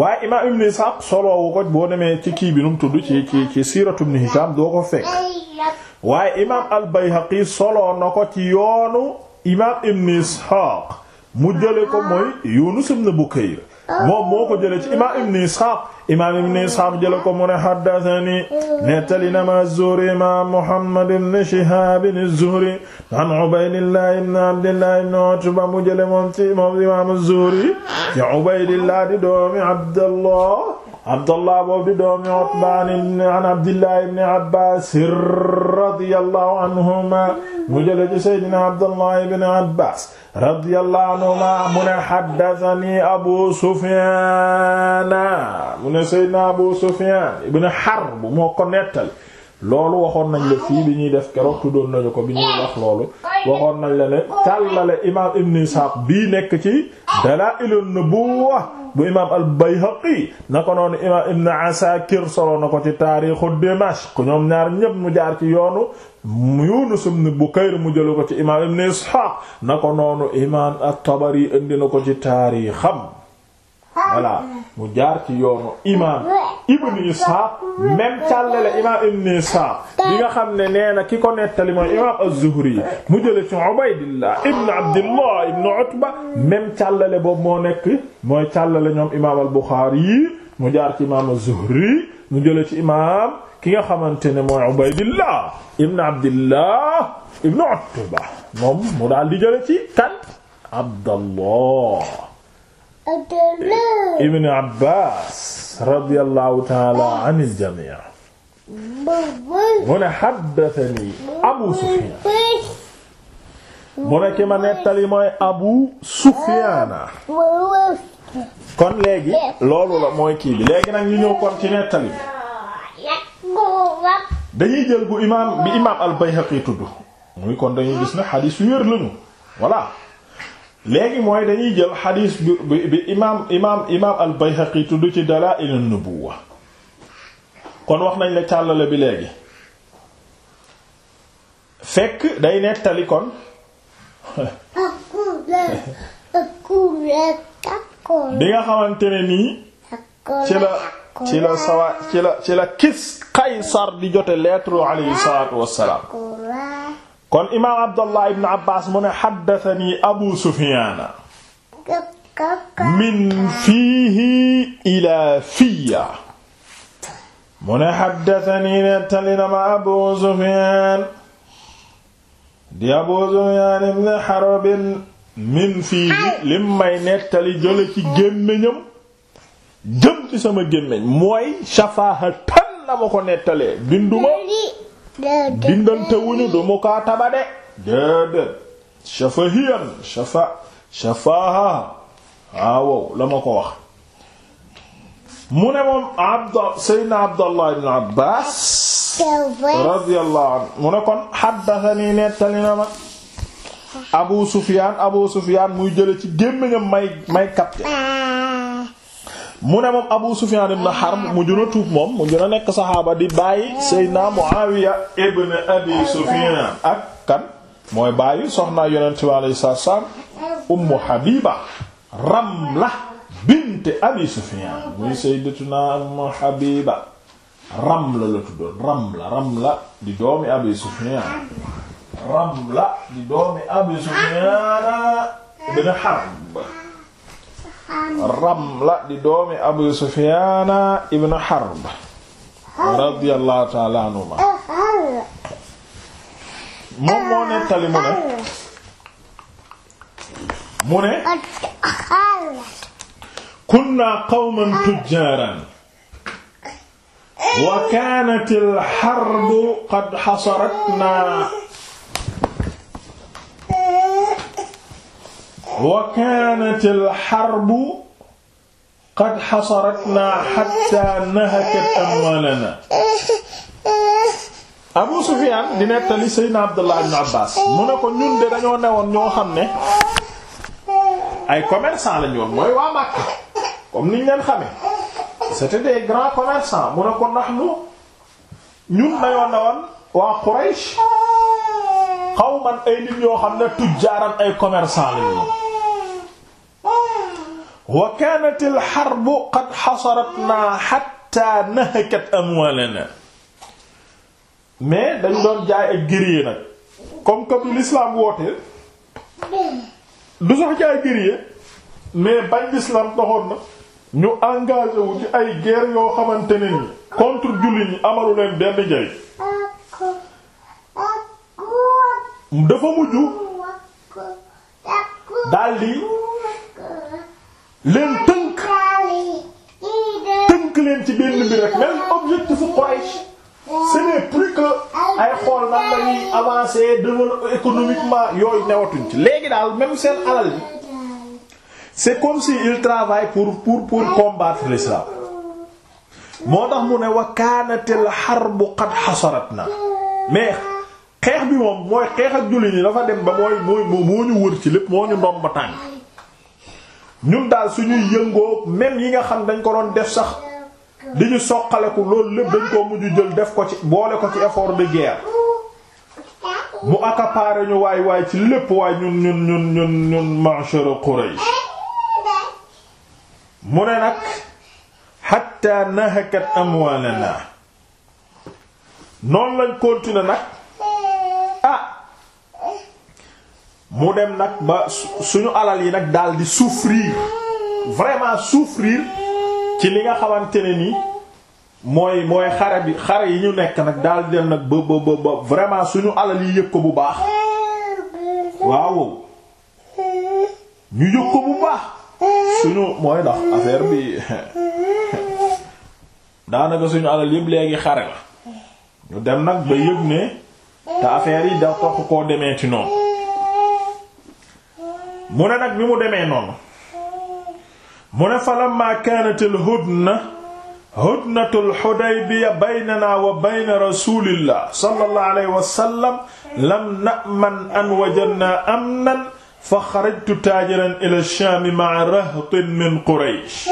waaye imaam ibn Ishaq soloowu ko boo demee ci kii bi nu mu tudd ci ci ci siiratu ibn Hisham doo ko fekk waaye imaam al-Bayhaqi soloo na ko ci yoonu imaam ibn Ishaq mu jële ko mooy Yunus ibn Bukayr moom moo ko jëlee ci imaam ibn Isxaaq imaam ibn Isxaaq jëlee ko mu ne haddathani nettali na ma az-Zuhri imaam Muhammad ibn Shihaab az-Zuhri an Ubaydillah ibn Abdillah ibn Utba mu jëlee moom ci moom imaam az-Zuhri ci Ubaydillah di doomi Abdallah Abdallah boobu di doomi Utbaan ibn an Abdillah ibn Abbaas radiyallahu anhuma mu jële ci Seydina Abdallah ibn Abbaas radiyallahu anhuma mu ne haddathani Abu Sufyaan mu ne Seydina Abu Sufyaan ibn Harb moo ko nettali loolu waxoon nañu la fii bi ñuy def keroog tuddoon nañu ko bi ñuy wax loolu waxoon nañ la ne càllale imaam ibn Isaaq bii nekk ci Dalaa'ilun na bu imaam al-Bayhaqi na ko noonu imaam ibn Asakir solo na ko ci taarixu Dimashq ñoom ñaar ñépp mu jaar ci yoonu Yunus ibn Bukayr mu jëlu ko ci imaam ibn Ishaq na ko noonu imaam at-Tabari indi na ko ci taarixam voilà mu jaar ci yoonu imaam ibn Ishaq même càllale imaam ibn Ishaq bi nga xam ne nee na ki ko nettali mooy imaam az-Zuhri mu jële ci Ubaydillah ibn Abdillah ibn Utba même càllale boobu moo nekk mooy càllale ñoom imaam al-Bukhari yi mu jaar ci imaam az-Zuhri mu jële ci imaam ki nga xamante ne mooy Ubaydillah ibn Abdillah ibn Utba moom mu daal di jële ci kan Abdallah ibn Abbaas radiyallahu ta'ala anil jamii' mu ne haddathani Abu Sufyaan mu ne ki ma nettali mooy Abu Sufyaana kon léegi loolu la mooy kii bi léegi nag ñu ñëw kon ci nettali bi dañuy jël bu imaam bi imaam al-Bayhaqi tudd muy kon dañuy gis ne xadiis yu wér lañu voilà léegi mooy dañuy jël xadiis bi bi imaam imaam imaam al-Bayhaqi tudd ci Dalaa'il an-Nubuwwa kon wax nañ la càllale bi léegi fekk day nettali kon bi nga xamante ne nii ci la ci la sawa ci la ci la kis Qaysar di jote lettre alayhi salaatu wassalaam kon imaam abdallah ibn abbas mu ne xaddatani abu sufiana min fiihi ila fiya mu ne xaddatani nettali na ma abu sufian di abu sufian ibn xarbin min fiihi lim may nettali jële ci gémmiñam jëm ci sama gémmiñ mooy safaahatan la ma ko nettalee binduma dindante wuñu du mukaataba de déedéet shafahiyan shafa shafaha ah, waaw la ma ko wax mu ne moom abda seydna abdallah ibn abbas radiyallahu anhu mu ne kon xaddatani nettali na ma abu sufiyaan abu sufiyaan muy jële ci gémmiñam may may kapte mu ne moom Abu Sufyan ibn Harb mu juna tuub moom mu juna nekk saxaaba di bàyyi Seydina Muawiya ibn Abi Sufyan ak kan mooy bàyyi soxnaa yonent bi alayhi salaam Ummu Habiba Ramla bint Abi Sufyan muy Sayyidatuna Ummu Habiba Ramla la tuddoon Ramla Ramla di doomi Abi Sufyan Ramla di doomi Abi Sufyan ibn Harb Ramla di doomi Abu Sufyaana ibn Harb radiyallahu ta'ala anhuma moom moo nettali mu ne mu ne kunna qawman tujjaaran wa kaanat al-harbu qad hasaratna waa kaanat al-harbu qad hasaratnaa hattaa nahakat amwaalanaa Abu Sufyaan di nettali Seydina Abdullah ibn Abbaas mu ne ko ñun de dañoo newoon ñoo xam ne ay commerçant lañu woon mooy waa Makka comme niñ leen xame c'était des grands commerçants mu ne ko nahnu ñun dañoo newoon waa Quraysh xawman ay nit xam ne tujjaaran ay commerçant lañu wa kaanat al-harbu qad hasaratnaa hattaa nahakat mais dañ doon jaay ak gërëyee nag comme que bi l'islam wootee du sax jaay gërëyee mais bañ l'islam taxoon na ñu engagé wu ay guerre yoo xamante ni contre jullit ñi amalu leen benn njariñ dafa mujj daldi leen tënk tënk leen ci benn mbir rek même objectif Quraish ce n'est plus ay xool nan la ñuy avancer développement yooyu newatuñ ci léegi daal même seen alal bi c'est comme il travaille pour pour pour combattre moo tax mu ne wa kaanatil harbu qad hasaratna mais xeex bi moom mooy xeex ak julli ñi dafa dem ba mooy mooy moo ñu wër ci lépp moo ñu ndomb tànk ñun daal suñuy yëngoo même yi nga xam dañ ko doon def sax di ñu soqaleku loolu lépp dañ koo mujj jël def ko ci boole ko ci effort de guerre mu accaparer ñu waay waay ci lépp waay ñun ñun ñun ñun ñun ma'shara Quraysh mu ne nag hatta nahakat amwalana noonu lañ continuer nag ah mu dem nag ba suñu alal yi nag daal di vraiment souffrir ci li nga xamante ne ni mooy mooy xare bi xare yi ñu nekk nag daal di dem nag ba ba ba vraiment suñu alal yi yëg ko bu baax waaw ñu yëg ko bu baax suñu mooy ndax affaire bi daanaka suñu alal yëpp léegi xare la ñu dem nag ba yëg ne te affaire yi da toq ko demee ci noonu. mu ne nag bi mu demee noonu mu ne fa lamma kaanat al hudna hudnatul Hudaybiya baynana wa bayna rasulillah sallallahu alayhi wa sallam lam na'man an wajadna amnan fa xarajtu taajiran ila Shaam ma'a rahtin min Quraysh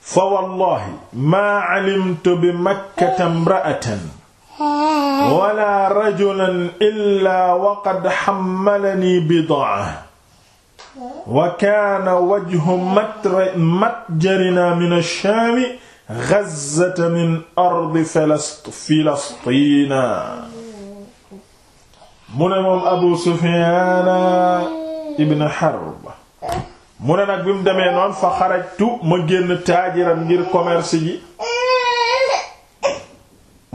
fa wallahi ma alimtu bi Makkata imra'atan wala rajulan illa waqad xammalani bidaa wa kaana wajhu matjarina min ash-shaami gazzata min ardi filastina mu ne moom abu sufiana ibn harb mu ne nag bi mu demee noon fa xarajtu ma génn taajiran ngir commerce ji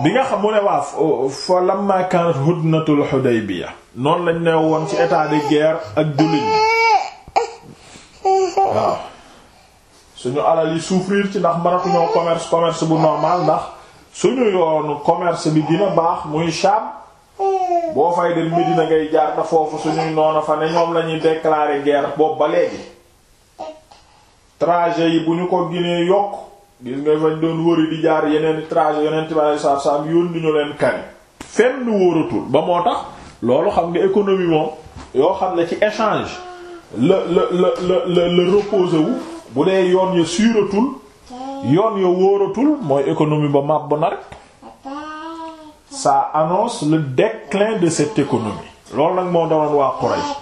bi nga xam mu ne waa fa lamma hudnatul Hudaybiya noonu lañ ne woon ci état de guerre ak jullit ñi waaw suñu alal yi souffrir ci ndax mënatuñoo commerce commerce bu normal ndax suñu yoonu commerce bi dina baax muy Sham boo fay dem Medina ngay jaar na foofu suñuy noonu fa ne ñoom lañuy déclarer guerre boobu ba léegi trajet yi bu ñu ko ginee yokk gis ngay fañ doon wëri di jaar yeneen trajet yeneen tibaale saaf saaf yónni ñu leen kari fenn wóoratul ba moo tax loolu xam nga économie moom yoo xam ne ci échange la la la la la wu bu dee yoon ya suuratul yoon ya wóoratul mooy économie ba màbb na rek ça annonce le déclin de cette économie lool nag moo doon waa Quraysh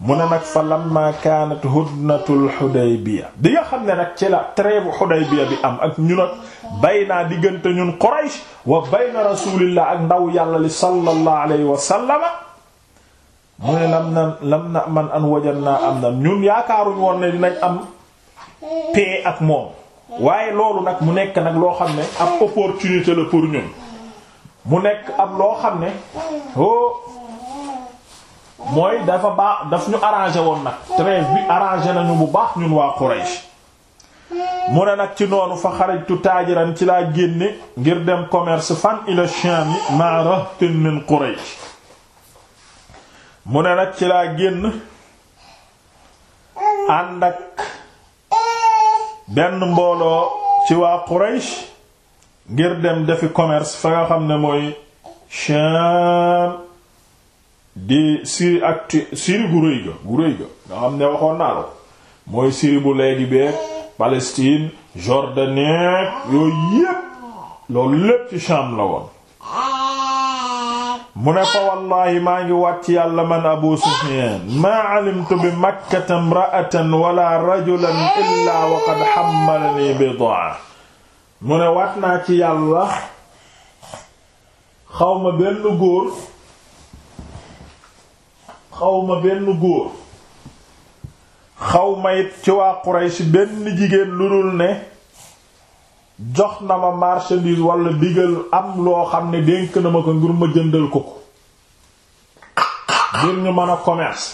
mu ne nag fa lamma kaanat hudnatul Hudaybiya bi nga xam ne nag ci la trêve Hudaybiya bi am ak ñu nag bay naa diggante ñun Quraysh wa bayna rasulillah ak ndaw yàlla li sallallahu alayhi wa sallama mu ne lam na lam na man an wajan naa am na ñun yaakaaruñ woon ne dinañ am paix ak moom waaye loolu nag mu nekk nag loo xam ne ab opportunité la pour ñun mu nekk am loo xam ne oh mooy dafa baax daf ñu arrangé woon nag trêve bi arrangé nañu bu baax ñun waa Quraysh mu ne nag ci noonu fa xarajtu taajiran ci laa génne ngir dem commerce fan ila Sham ma rahtin min Quraysh mu ne nag ci laa génn ànd ak benn mbooloo ci waa Quraysh ngir dem defi commerce fa nga xam ne mooy Sham di série actu série bu ga nga xam ne waxoon naa la mooy série bu léegi beeg Palestine Jordanie yooyu yépp loolu lépp ci Sham la woon mu ne fa wallaahi maa ngi ci yàlla man Abu Sufyan maa alimtu bi makkata imra'atan wala rajulan illaa wa qad hammalani bid'a mu ne waat naa ci yàlla xawma benn góor xawma benn góor xawma it ci waa Quraysh benn jigéen lu dul ne jox na ma marchandise walla digal am loo xam ne dénk na ma ko ngir ma jëndal ko ko ngir ñu mën a commerce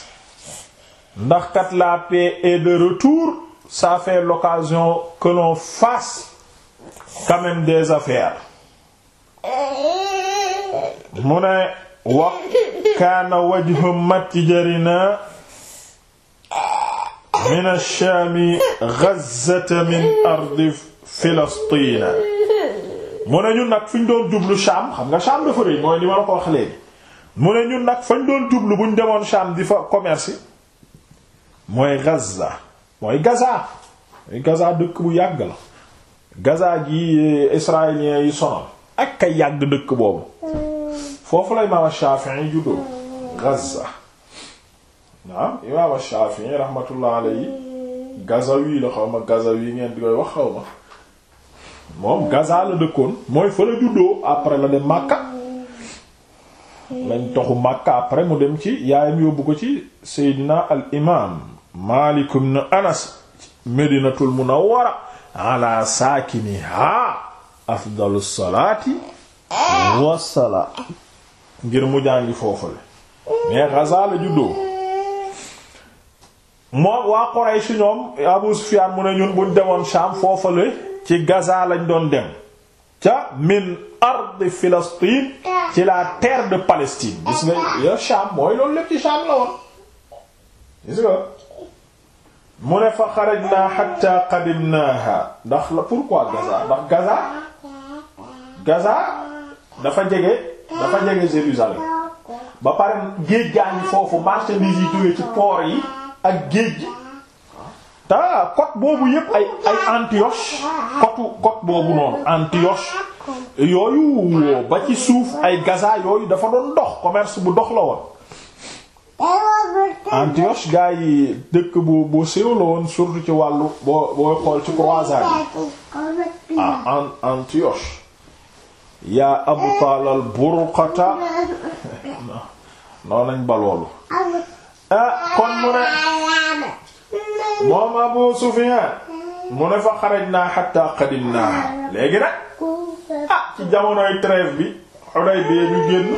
ndax kat la paix est de retour ça fait l'occasion que l'on fasse des affaires mu ne wa kaana wajhu matjarina min ash-Shaami Gazzata min ardi Filastina mu ne ñun nag ñu doon jublu Shaam xam nga Shaam dafa rëy mooy li ma la mu ne ñun nag fañ doon jublu buñ demoon Shaam di fa commerce mooy Gaza mooy Gaza mooy dëkk bu yàgg la Gaza gi eh, israéliens yi sonal ak kay yàgg dëkk boobu foofu la imaam Shaafi'i juddoo Gaza naam imaam Shaafi'i rahmatullah alayhi Gazawi la xaw ma Gazawi ngeen di koy wax xaw ma moom Gaza la dëkkoon mooy fa la juddoo après la dem Makka lañ toxu Makka après mu dem ci yaayam yóbbu ko ci Seydina al imaam Maalik ibn Anas Medinatul Munawwara ala saakinihaa afdalu salaati wassalaam ngir mu jàngi foofule mais Ghazala juddoo moom waa Quraysh ñoom Abu Sufyan mu ne ñun buñ demoon Sham foofale ci Gaza lañ doon dem ca min ard Palestine ci la terre de Palestine gis nga ya Sham mooy loolu lépp ci Sham la woon mu ne fa xarajna hatta qadimnaha ndax la pourquoi Gaza ndax Gaza Gaza dafa jege dafa jege Jérusalem ba pare géej gaa ngi foofu marchandise yi jóge ci poor yi ak géej gi te côte boobu yépp ay ay Antioche côte côte boobu noonu Antioche yooyu ba ci suuf ay Gaza yooyu dafa doon dox commerce bu dox la woon Antioche gaa yi dëkk bu bu siiw la woon surtout ci wàllu boo booy xool ci croisade yi ah Antioche yaa abtaal al burqata noonu lañ ba loolu ah, kon mu ne moom Abu Sufyaan mu ne fa xarajnaa xatta qadimnaa léegi nag ah ci jamonoy trêve bi Hudaybiya ñu génn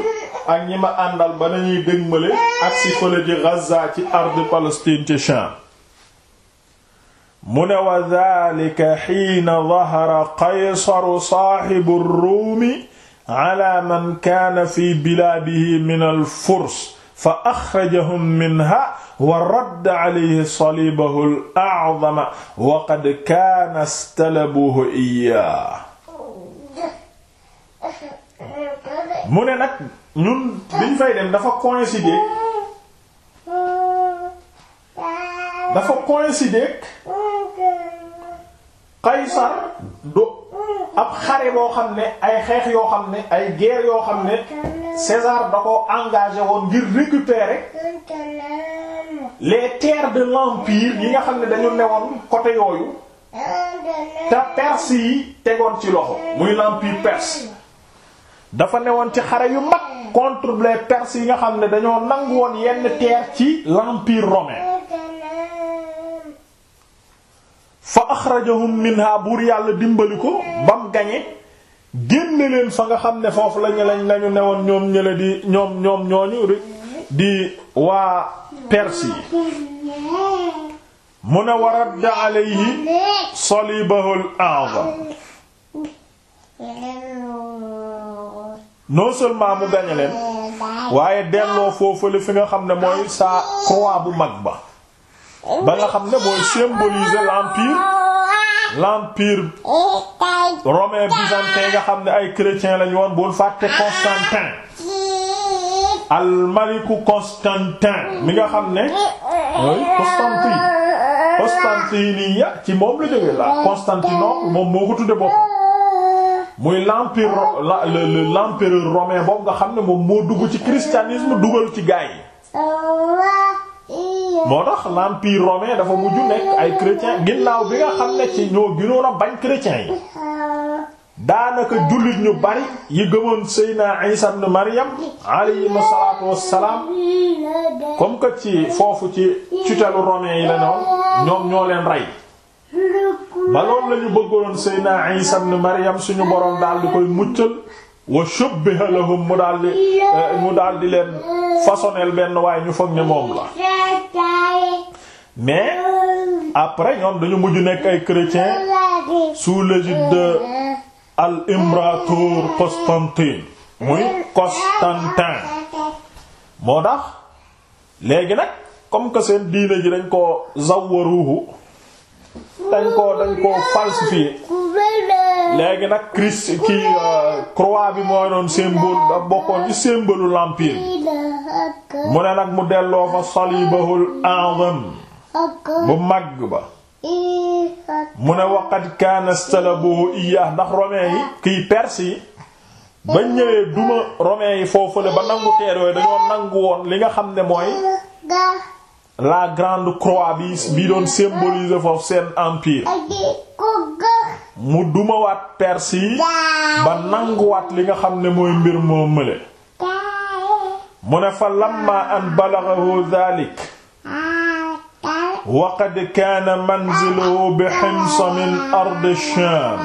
ak ñi ma àndal ba nañuy dëgmale ak si fële di Gaza ci ardu Palestine ci Sham mu ne wa dhalika xiina dahara qaysaru saaxibu ruumi ala man kaana fi bilaadihi min alfurs fa axrajahum minha wa radda alayhi saliibahu al-a'zama wa qad kaana stalabuhu iyyaa mu ne nag ñun biñ fay dem dafa coïncider dafa coïncider Qaysar du ab xare boo xam ne ay xeex yoo xam ne ay guerre yoo xam ne César da ko engagé woon ngir récupérer les terres de l'empire yi nga xam ne dañu newoon côté yooyu te Perse yi tegoon ci loxo muy l'empire perse dafa newoon ci xare yu mag contre les Perses yi nga xam ne dañoo nangu woon yenn terre ci l'empire romain fa axrajahum minha buur yàlla dimbali ko ba mu gañe génne leen fa nga xam ne foofu lañu lañ lañu newoon ñoom ñële di ñoom ñoom ñooñu di waa Perse yi mu ne wa radda yi salibahu al-a'zam non seulement mu gañe leen waaye delloo foofule fi nga xam ne mooy sa croix bu mag ba ba nga xam ne mooy symboliser l'empire l'empire romain byzantin nga xam ne ay chrétiens lañu woon bul fàtte Constantin almaliku Constantin mi nga xam ne mooy Constantin Constantiniya ci moom la jógee la Constantinople moom moo ko tudde boppam muy l'empire l'empereur romain boobu nga xam ne moom moo dugg ci christianisme dugal ci gaay yi moo tax l'empire romain dafa mujj nekk ay chrétien ginnaaw bi nga xam ne ci ñoo gënoon a bañ chrétien yi daanaka jullit ñu bari yi gëmoon Seydina Isa ibn Maryam alayhi salaatu wassalaam comme que ci foofu ci tutelle romain yi la noon ñoom ñoo leen rey ba loolu la ñu bëggoon Seydina Isa ibn Maryam suñu boroom daal di koy muccal wa shubbiha lahum mu daal di eh, mu daal di leen façonnel benn waaye ñu foog ne moom la mais après ñoom dañu mujj nekk ay chrétiens sous l'égide de al imrator Constantin muy Constantin moo tax léegi nag comme que seen diine ji dañ ko zawwaruhu dañ ko dañ ko falsifié léegi nag Christ ki euh, croix bi mooy doon symbole da bokkoon ci symbole l'empire mu ne nag mu delloo fa salibahul a'zam bu màgg ba mu ne waqad kaana istalabuhu iyyah ndax romain yi kiy perse yi ba ñëwee duma romain yi foofule ba nangu teer yooyu dañoo nangu woon li nga xam ne mooy la grande croix bi bi doon symboliser seen empire mu dumawaat Perse yi ba nanguwaat li nga xam ne mooy mbir moo mële mu ne fa lamma an balaghahu dhalik wa qad kaana manziluhu bi Himsa min ardi Shaam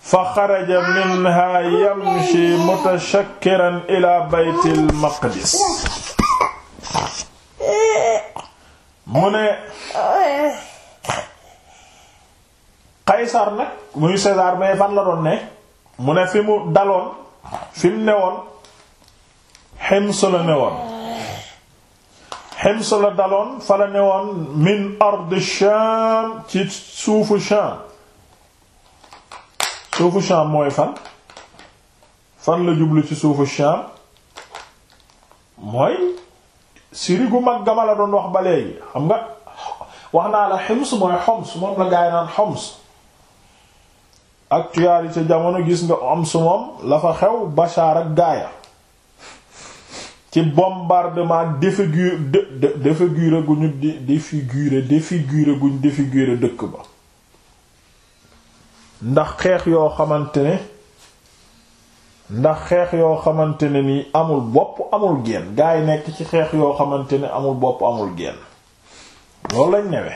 fa xaraja minha yamshi mutashakkiran ila baytil maqdis mune ne Qaysar nag muy César mais fan la doon ne mu ne fi mu daloon fi mu newoon Hims la newoon Hims la daloon fa la newoon min ard Sham ci suufu Sham suufu Sham mooy fan fan la jublu ci suufu Sham mooy siri gu mag gama la doon wax ba léegi xam nga wax naa la xims mooy xoms moom la gaay naan xoms actualité jamono gis nga xoms moom la fa xew Bachar ak gaaya ci bombardement défigure défigure gu ñu défigure défigure dëkk ba ndax xeex yoo xamante ne ndax xeex yoo xamante ne ni amul bopp amul génn gaa yi nekk ci xeex yoo xamante ne amul bopp amul génn loolu lañ newe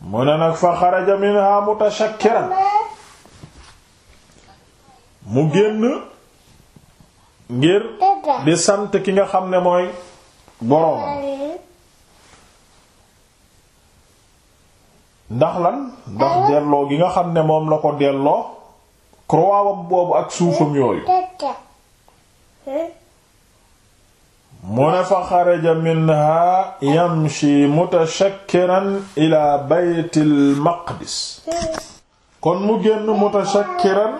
mu ne nag fa xaraja minha mutashakkiran mu génn ngir di sant ki nga xam ne mooy boroomam ndax lan ndax delloo gi nga xam ne moom la ko delloo croix wam boobu ak suufam yooyu mu ne fa xaraja minha yamshi mutashakkiran ila baytil maqdis kon mu génn mutashakkiran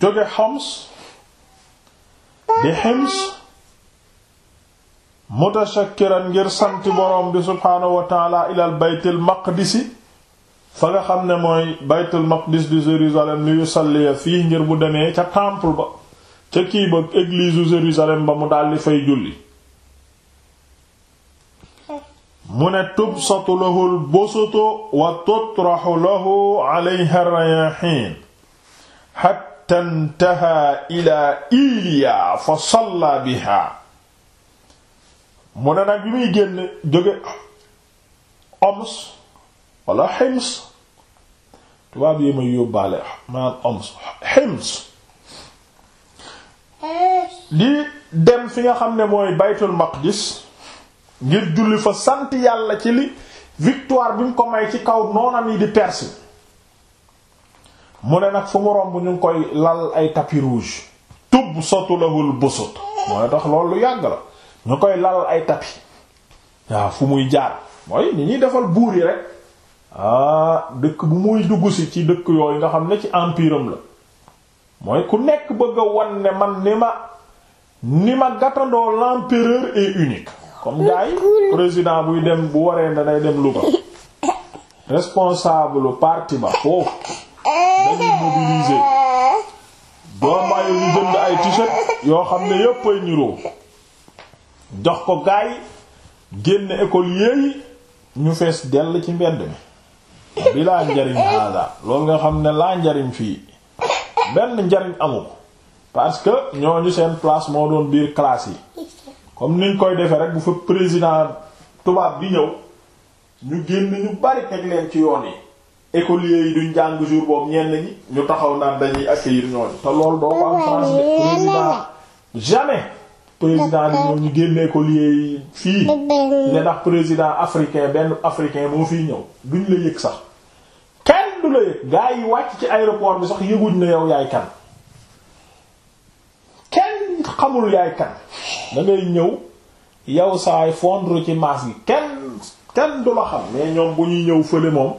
jóge Homs di Hims mutashakkiran ngir sant boroom bi subhaanahu wa taala ilal baytil maqdisi fa nga xam ne mooy baytul maqdis de Jérusalem li yusalli fii ngir bu demee ca temple ba ca kii ba église Jérusalem ba mu daldi fay julli mu ne tubsatu lahu l busutu wa tutraxu lahu alayha rayaxin xatta ntaha ila iliya fa salla biha mu ne nag bi muy génn jóge Homs wala Hims tubaab yi may yóbbaale maanaam oms xims di dem fi nga xam ne mooy baytul maqdis ngir julli fa sant yàlla ci li victoire bi mu ko may ci kaw noonam yi di Perse mu ne nag fu mu romb ñu ngi koy lal ay tapis rouge tub sotu lahul busut mooy tax loolu lu yàgg la ñu koy lal ay tapis waaw fu muy jaar mooy ni ñuy defal buur yi rek ah dëkk bu muy dugg si ci dëkk yooyu nga xam ne ci empire am la mooy ku nekk bëgg a wan ne man ni ma ni ma gàttandoo l'empereur est unique comme gars président buy dem bu waree ne day dem Louga responsable parti ba foofu dañuy mobiliser doomayo ñu jënd ay t-shirt yoo xam ne yépp ay niroo jox ko gars génn école yi ñu fees dell ci mbedd mi bi laa njariñ hada loolu nga xam ne laa njariñ fii benn njariñ amu ko parce que ñooñu seen place moo doon biir classe yi comme niñ koy defee rek bu fa président tubaab bi ñëw ñu génn ñu bari teg leen ci yoon yi écoliers yi duñ jàng jour boobu ñenn ñi ñu taxaw naan dañuy accueillir ñooñu te loolu doo ko am France président jamais président ñoom ñu génne écoliers yi fii ne ndax président africain benn africain moo fiy ñëw duñ la yëg sax la gaa yi wàcc ci aéroport bi sax yëguñ ne yow yaay kan kenn xamul yaay kan da ngay ñëw yow saay fondre ci maas gi kenn kenn du la xam mais ñoom bu ñuy ñëw fële moom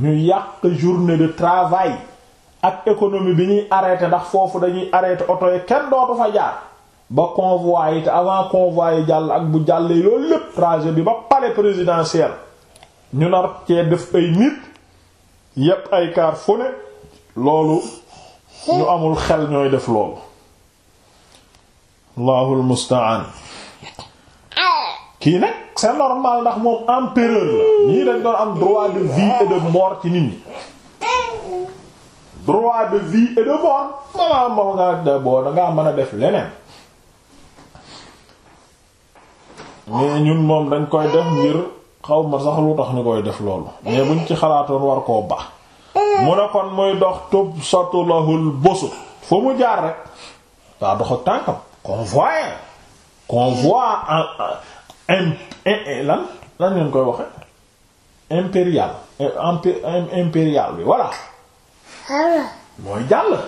ñu yàq journée de travail ak économie bi ñuy arrêté ndax foofu dañuy arrêté oto yi kenn dootu fa jaar ba convoi yi avant convoi jàll ak bu jàllee loolu lépp trajet bi ba palais présidentiel ñu nar cee def ay nit yépp ay kaar fu ne loolu ñu amul xel ñooy def loolu allahul musta'an kii nag c'est normal ndax moom empereur la ñii dañ doon am droit de vie et de ci nit ñi droit de vie et de mort mama moom a def leneen ñun moom dañ koy def ngir xaw ma sax lu tax ñu koy def loolu bu ñu ci xalaatoon war koo ba mu ne kon muy dox tub sotu lahul bosu fu mu jaar rek daa dox ak tànkam convoyé convoi lan lan koy waxe impérial bi voilà mooy jàll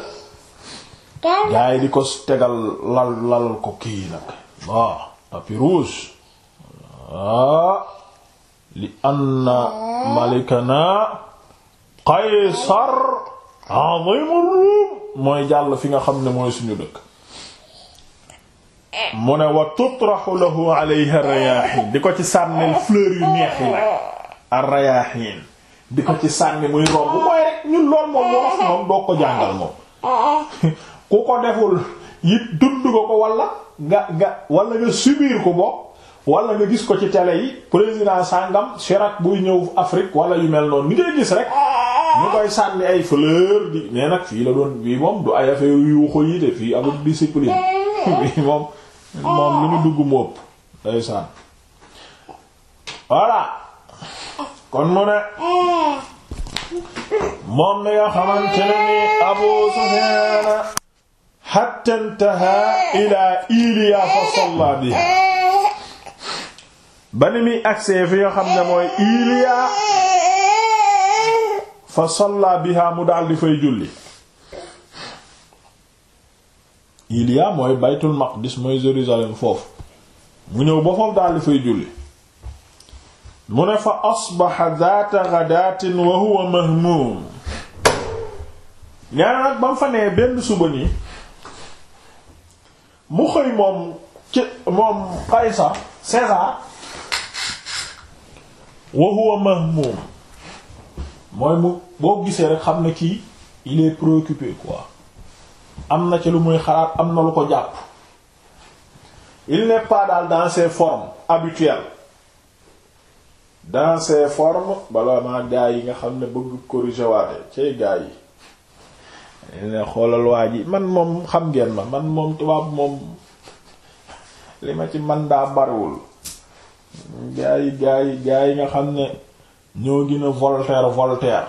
gaa yi di ko tegal lal lal ko kii nag waaw tapis li anna malikana qaysar azimu ruum mooy jàll fi nga xam ne mooy suñu dëkk mu ne wa tutraxu lahu alayha rayaahin di ko ci sànnil fleur yu neex yi nag ar di ko ci sànni mooy rek ñun moom moom doo ko jàngal moom ku ko deful yit dund ko ko wala nga nga wala nga ko bokk wala nga gis ko ci télé yi président sangam Chirac buy ñëw Afrique wala yu mel noonu ni ngay gis rek ñu koy sànni ay fleur di mais nag fii la doon fii moom du ay affaire yuuxu fii amul discipline fii moom moom li nga xamante ne Abu Sufyan hatta intaha ila Iliya fa salla biha ba ni muy agsee fi nga xam ne mooy iliya fa solla biha mu daal di fay julli iliya mooy baytul maqdis mooy Jérusalem foofu mu ñëw ba foofu daal di fay julli mu ne fa asbaha dhata ghadatin wa huwa mahmum ñaana nag ba mu fa nee benn suba nii mu xëy moom ci moom Qaysar César wa huwa mahmum mooy mu boo gisee rek xam ne kii il est préoccupé quoi am na ci lu muy xalaat am na lu ko jàpp il n'est pas daal dans ses formes habituelles dans ses formes gaa yi nga xam ne bëgg corriger waate cay gaa yi ne xoolal waa ji man moom xam ngeen ma man moom tubaab moom li ma ci man daa bariwul gaa jaay gaa yi nga xam ne ñoo gën a Voltaire Voltaire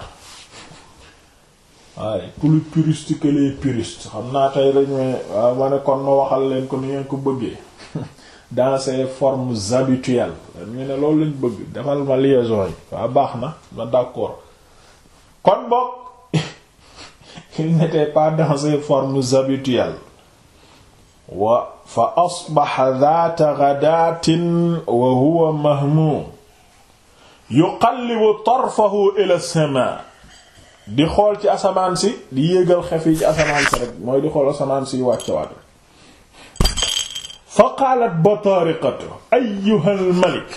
waaye plus puriste que les puristes xam naa tey rek mais ma ne kon ma waxal leen ko ni ngeen ko bëggee dans ses formes habituelles ñu ne loolu lañ bëgg defal ma liaison yi waaw baax na ma d'accord kon boog il n'était pas dans ses formes wa fa asbaxa daata gadaatin wa huwa mahmuum yuqallibu tarfahu ila sama di xool ci asamaan si di yéegal xef yi ci asamaan si rek mooy di xool asamaan si wàccewaat fa qaalat bataariqatu ayyuha almalik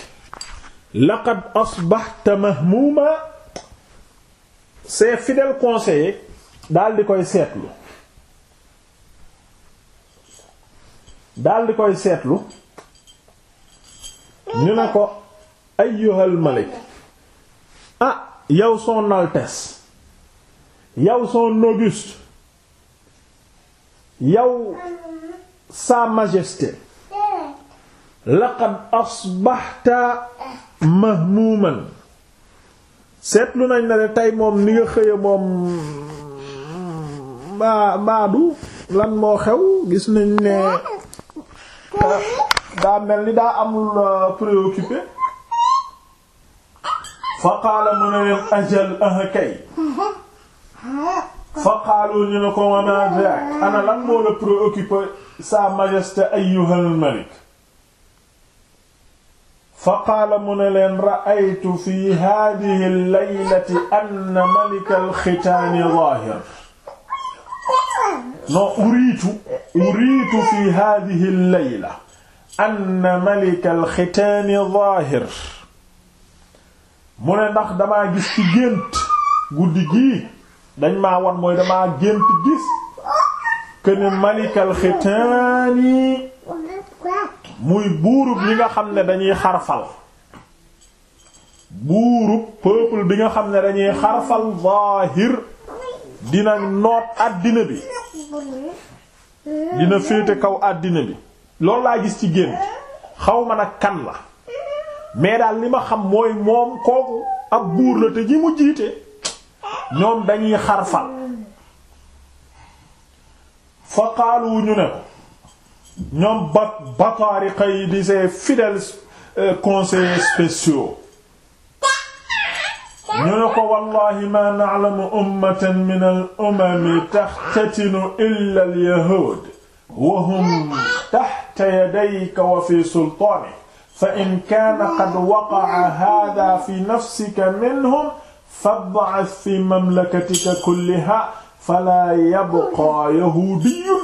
laqad asbaxta mahmuuma ses fidèles conseillers daal di koy seetlu daldi di koy seetlu ñu ne ko ayyuhal malik ah yow son altesse yow son auguste yow sa majesté laqad asbahta mahmuuman seetlu nañ na de tey moom ni nga xëya moom baa baadu lan moo xew gis nañ ne daa mel ni daa amul préoccupé fa qaala mën a leen ajal ah kay fa qaalu ñu ne ko wana zaak ana lan moo la préoccupé sa majesté ayyuhal malik fa qaala mu ne leen ra'aytu fi hadihi al-laylati anna malik al-khitaani zaahir non uriitu uriitu fi hadhihi layla anna malik al-khitaani mu ne ndax damaa gis ci gént guddi gii dañ maa wan mooy damaa gént gis këne malik al muy buurub ñi nga xam ne dañuy xarfal buurub peuple bi nga xam ne dañuy xarfal zaahir dina noot àddina bi dina féete kaw àddina bi loolu laa gis ci gént xaw ma nag kan la mais daal li ma xam mooy moom kooku ab buur la te ñi mu jiite ñoom dañuy xarfal fa ñu ne ko ñoom bat bataari xëy di ses fidèles euh, conseillers ñu ne ko wallahi ma na'lamu ummatan min al-umami taxtatinu illa al-yahud wa hum taxta yadayka wa fi sultaanika fa in kaana qad waqa'a haadaa fi nafsika minhum fab'ath fi mamlakatika kullihaa falaa yabqaa yahuudiyyun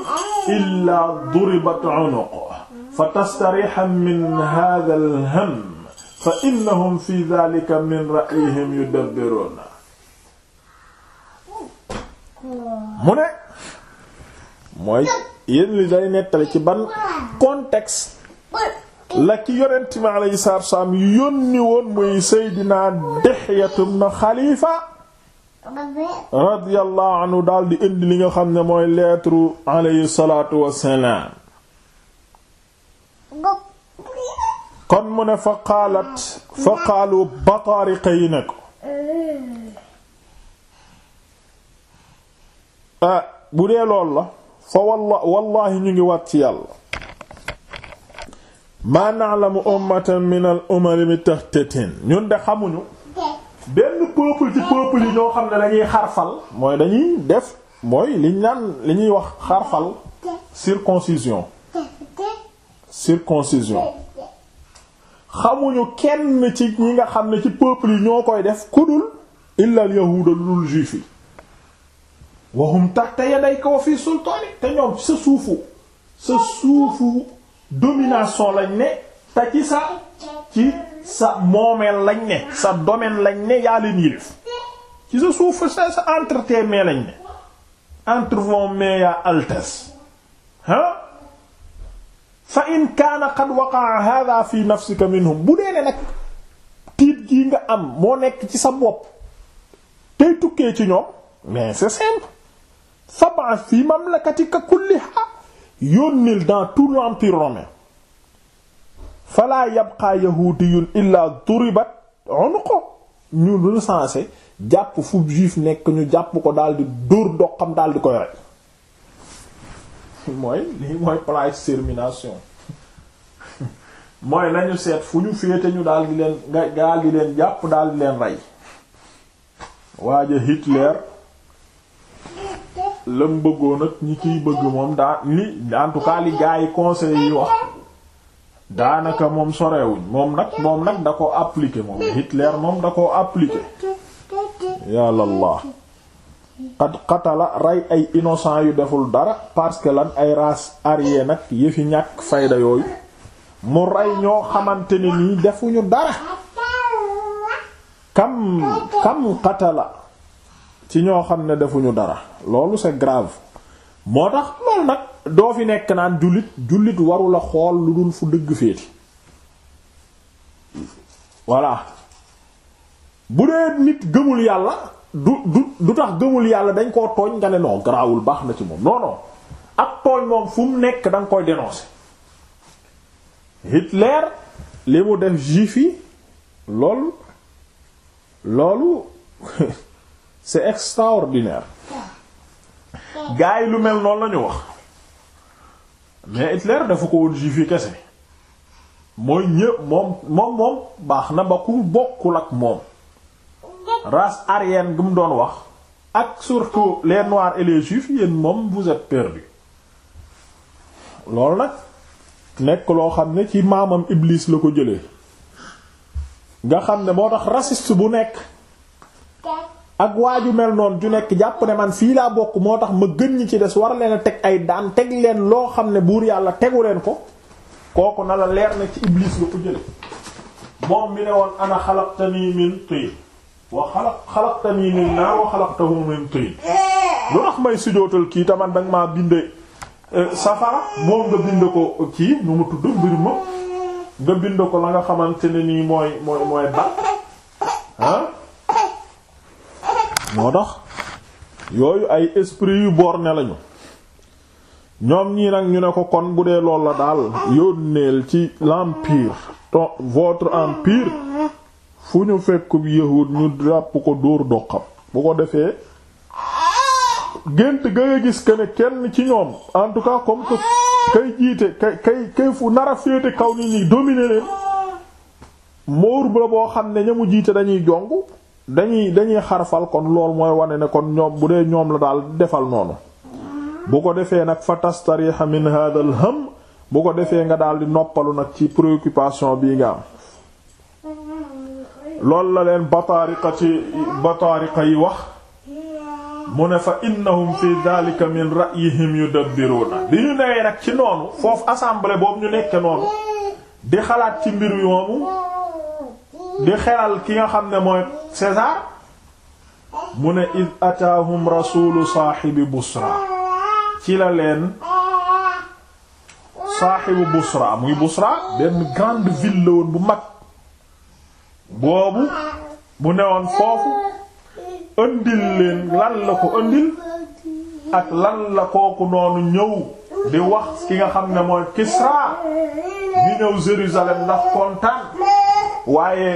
illaa duribat 'unuquhu fatastariiha min haadhal hamm fa innahum fi dhalika min ra'yihim yudabbiruna mu ne mooy yéen li day nettali ci ban contexte la ki yonent mi alayhi salaatu wassalaam yónni woon muy Seydina Dihyatu ibn Xalifa radiyallahu anhu daal indi li nga xam ne mooy lettre alayhi salaatu wassalaam kon mu ne fa qaalat fa qaalu bataariqa yi ne ko ah, bu dee lool la fa walla wallahi ñu ngi wat ci yàlla maa na'lamu ummatan min al umami mi tahtatin ñun de xamuñu benn peuple ci peuple yi ñoo xam ne dañuy xarfal mooy dañuy def mooy li naan li ñuy wax xarfal circoncision circoncision xamuñu kenn ci ñi nga xam ne ci peuple yi ñoo koy def kudul illa al yahuuda lu dul juif yi wahum tahta yadayka wa fi sultaani te ñoom sa suufu sa suufu domination lañ ne te ci sa ci sa moomeel lañ ne sa domaine lañ ne yaa leen yilif ci sa suuf sa sa entre tes mains lañ ne entre vos yaa altesse fa in kaana qad waqa'a hadha fi nafsika minhum bu dee ne nag tiit gii nga am moo nekk ci sa bopp tey tukkee ci ñoom mais c'est simple fab'ath fi mamlakatika kulliha yónnil dans tout l'empire romain fala yabqa yahudiyun illa duribat unuqo ñu recensé jàpp fu juif nekk ñu jàpp ko daal di dóor doxam daal di koy rek mooy li mooy plan extermination mooy nañu seet fu ñu féete ñu daal di leen nga daal di leen jàpp daal leen rey waaja Hitler lam bëggoon ak ñi ciy bëgg moom daa li en tout wax daanaka moom sorewuñ moom nag moom nag da ko appliquer moom Hitler moom da ko appliquer yàlla qad qatala rey ay innocent yu deful dara parce que lan ay race aryenne nag fi ñàkk fayda yooyu mu rey ñoo xamante ni nii defuñu dara kam kam qatala ci ñoo xam ne defuñu dara loolu c'est grave moo tax loolu nag doo fi nekk naan jullit jullit warula xool lu dul fu dëgg féeti voilà bu dee nit gëmul yàlla du du du tax gëmul yàlla dañ koo tooñ nga ne non garaawul baax na ci moom non non ak tooñ moom fu mu nekk da nga koy dénoncer Hitler li mu def juif yi loolu loolu c'est extraordinaire gars yi lu mel noonu la ñu wax mais Hitler dafa ko woon juif yi kese mooy ñëpp moom moom moom baax na ba ku bokkul ak moom. race aryenne gu mu doon wax ak surtout les noirs et les juifs yéen moom vous êtes perdus loolu nag nekk loo xam ne ci maamam Iblis la ko jëlee nga xam ne moo tax raciste bu nekk ak waaju mel noonu ju nekk jàpp ne man fii laa bokk moo tax ma gën ñi ci des war leen a teg ay daan teg leen loo xam ne buur yàlla tegu leen ko kooku na la leer na ci Iblis la ko jëlee moom mi ne woon ana xalaqtani min tin wa xalaq xalaqtanii min naar wa xalaqtahu min tiin lu tax may sujootal kii taman danga maa binde e, safara moom nga bind ko kii nu mu tudd mbir ma nga bind ko la nga xamante ne nii mooy mooy mooy bàq moo tax yooyu ay esprit yu borné lañu ñoom ñii nag ñu ne ko kon bu dee lool la daal yónneel ci l'empire votre empire fu ñu fekk yahud ñu ràpp ko dóor doqam bu ko defee gént ga gis que ne kenn ci ñoom en tout cas comme que kay jiite kay kay kay fu nar a féete kaw nit ñi dominer leen moor bu boo xam ne ña mu jiite dañuy jong dañuy dañuy xarfal kon lool mooy wane ne kon ñoom bu dee ñoom la daal defal noonu bu ko defee nag fa tastariha min hadha al ham bu ko defee nga daal di noppalu nag ci préoccupation bii nga am loolu la leen bataariqa ci bataariqa yi wax mu ne fa innahum fi dhalika min ra'yihim yudabbiruna bi ñu newee nag ci noonu foofu assemblée boobu ñu nekke noonu di xalaat ci mbir yoomu di xelal ki nga xam ne mooy César mu ne id ataahum rasulu saaxibi busra ci la leen saaxibu busra muy busra benn grande ville la woon bu mag boobu bu newoon foofu ëndil leen lan la ko ëndil ak lan la kooku noonu ñëw di wax ki nga xam ne mooy Kisra di ñëw Jérusalem ndax kontaan waaye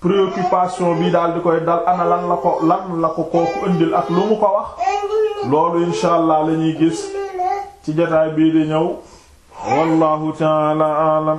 préoccupation bi daal di koy dal ana lan la ko la ko kooku ëndil ak lu mu ko wax loolu insha allah la ñuy gis ci jotaay bii di ñëw wallahu taala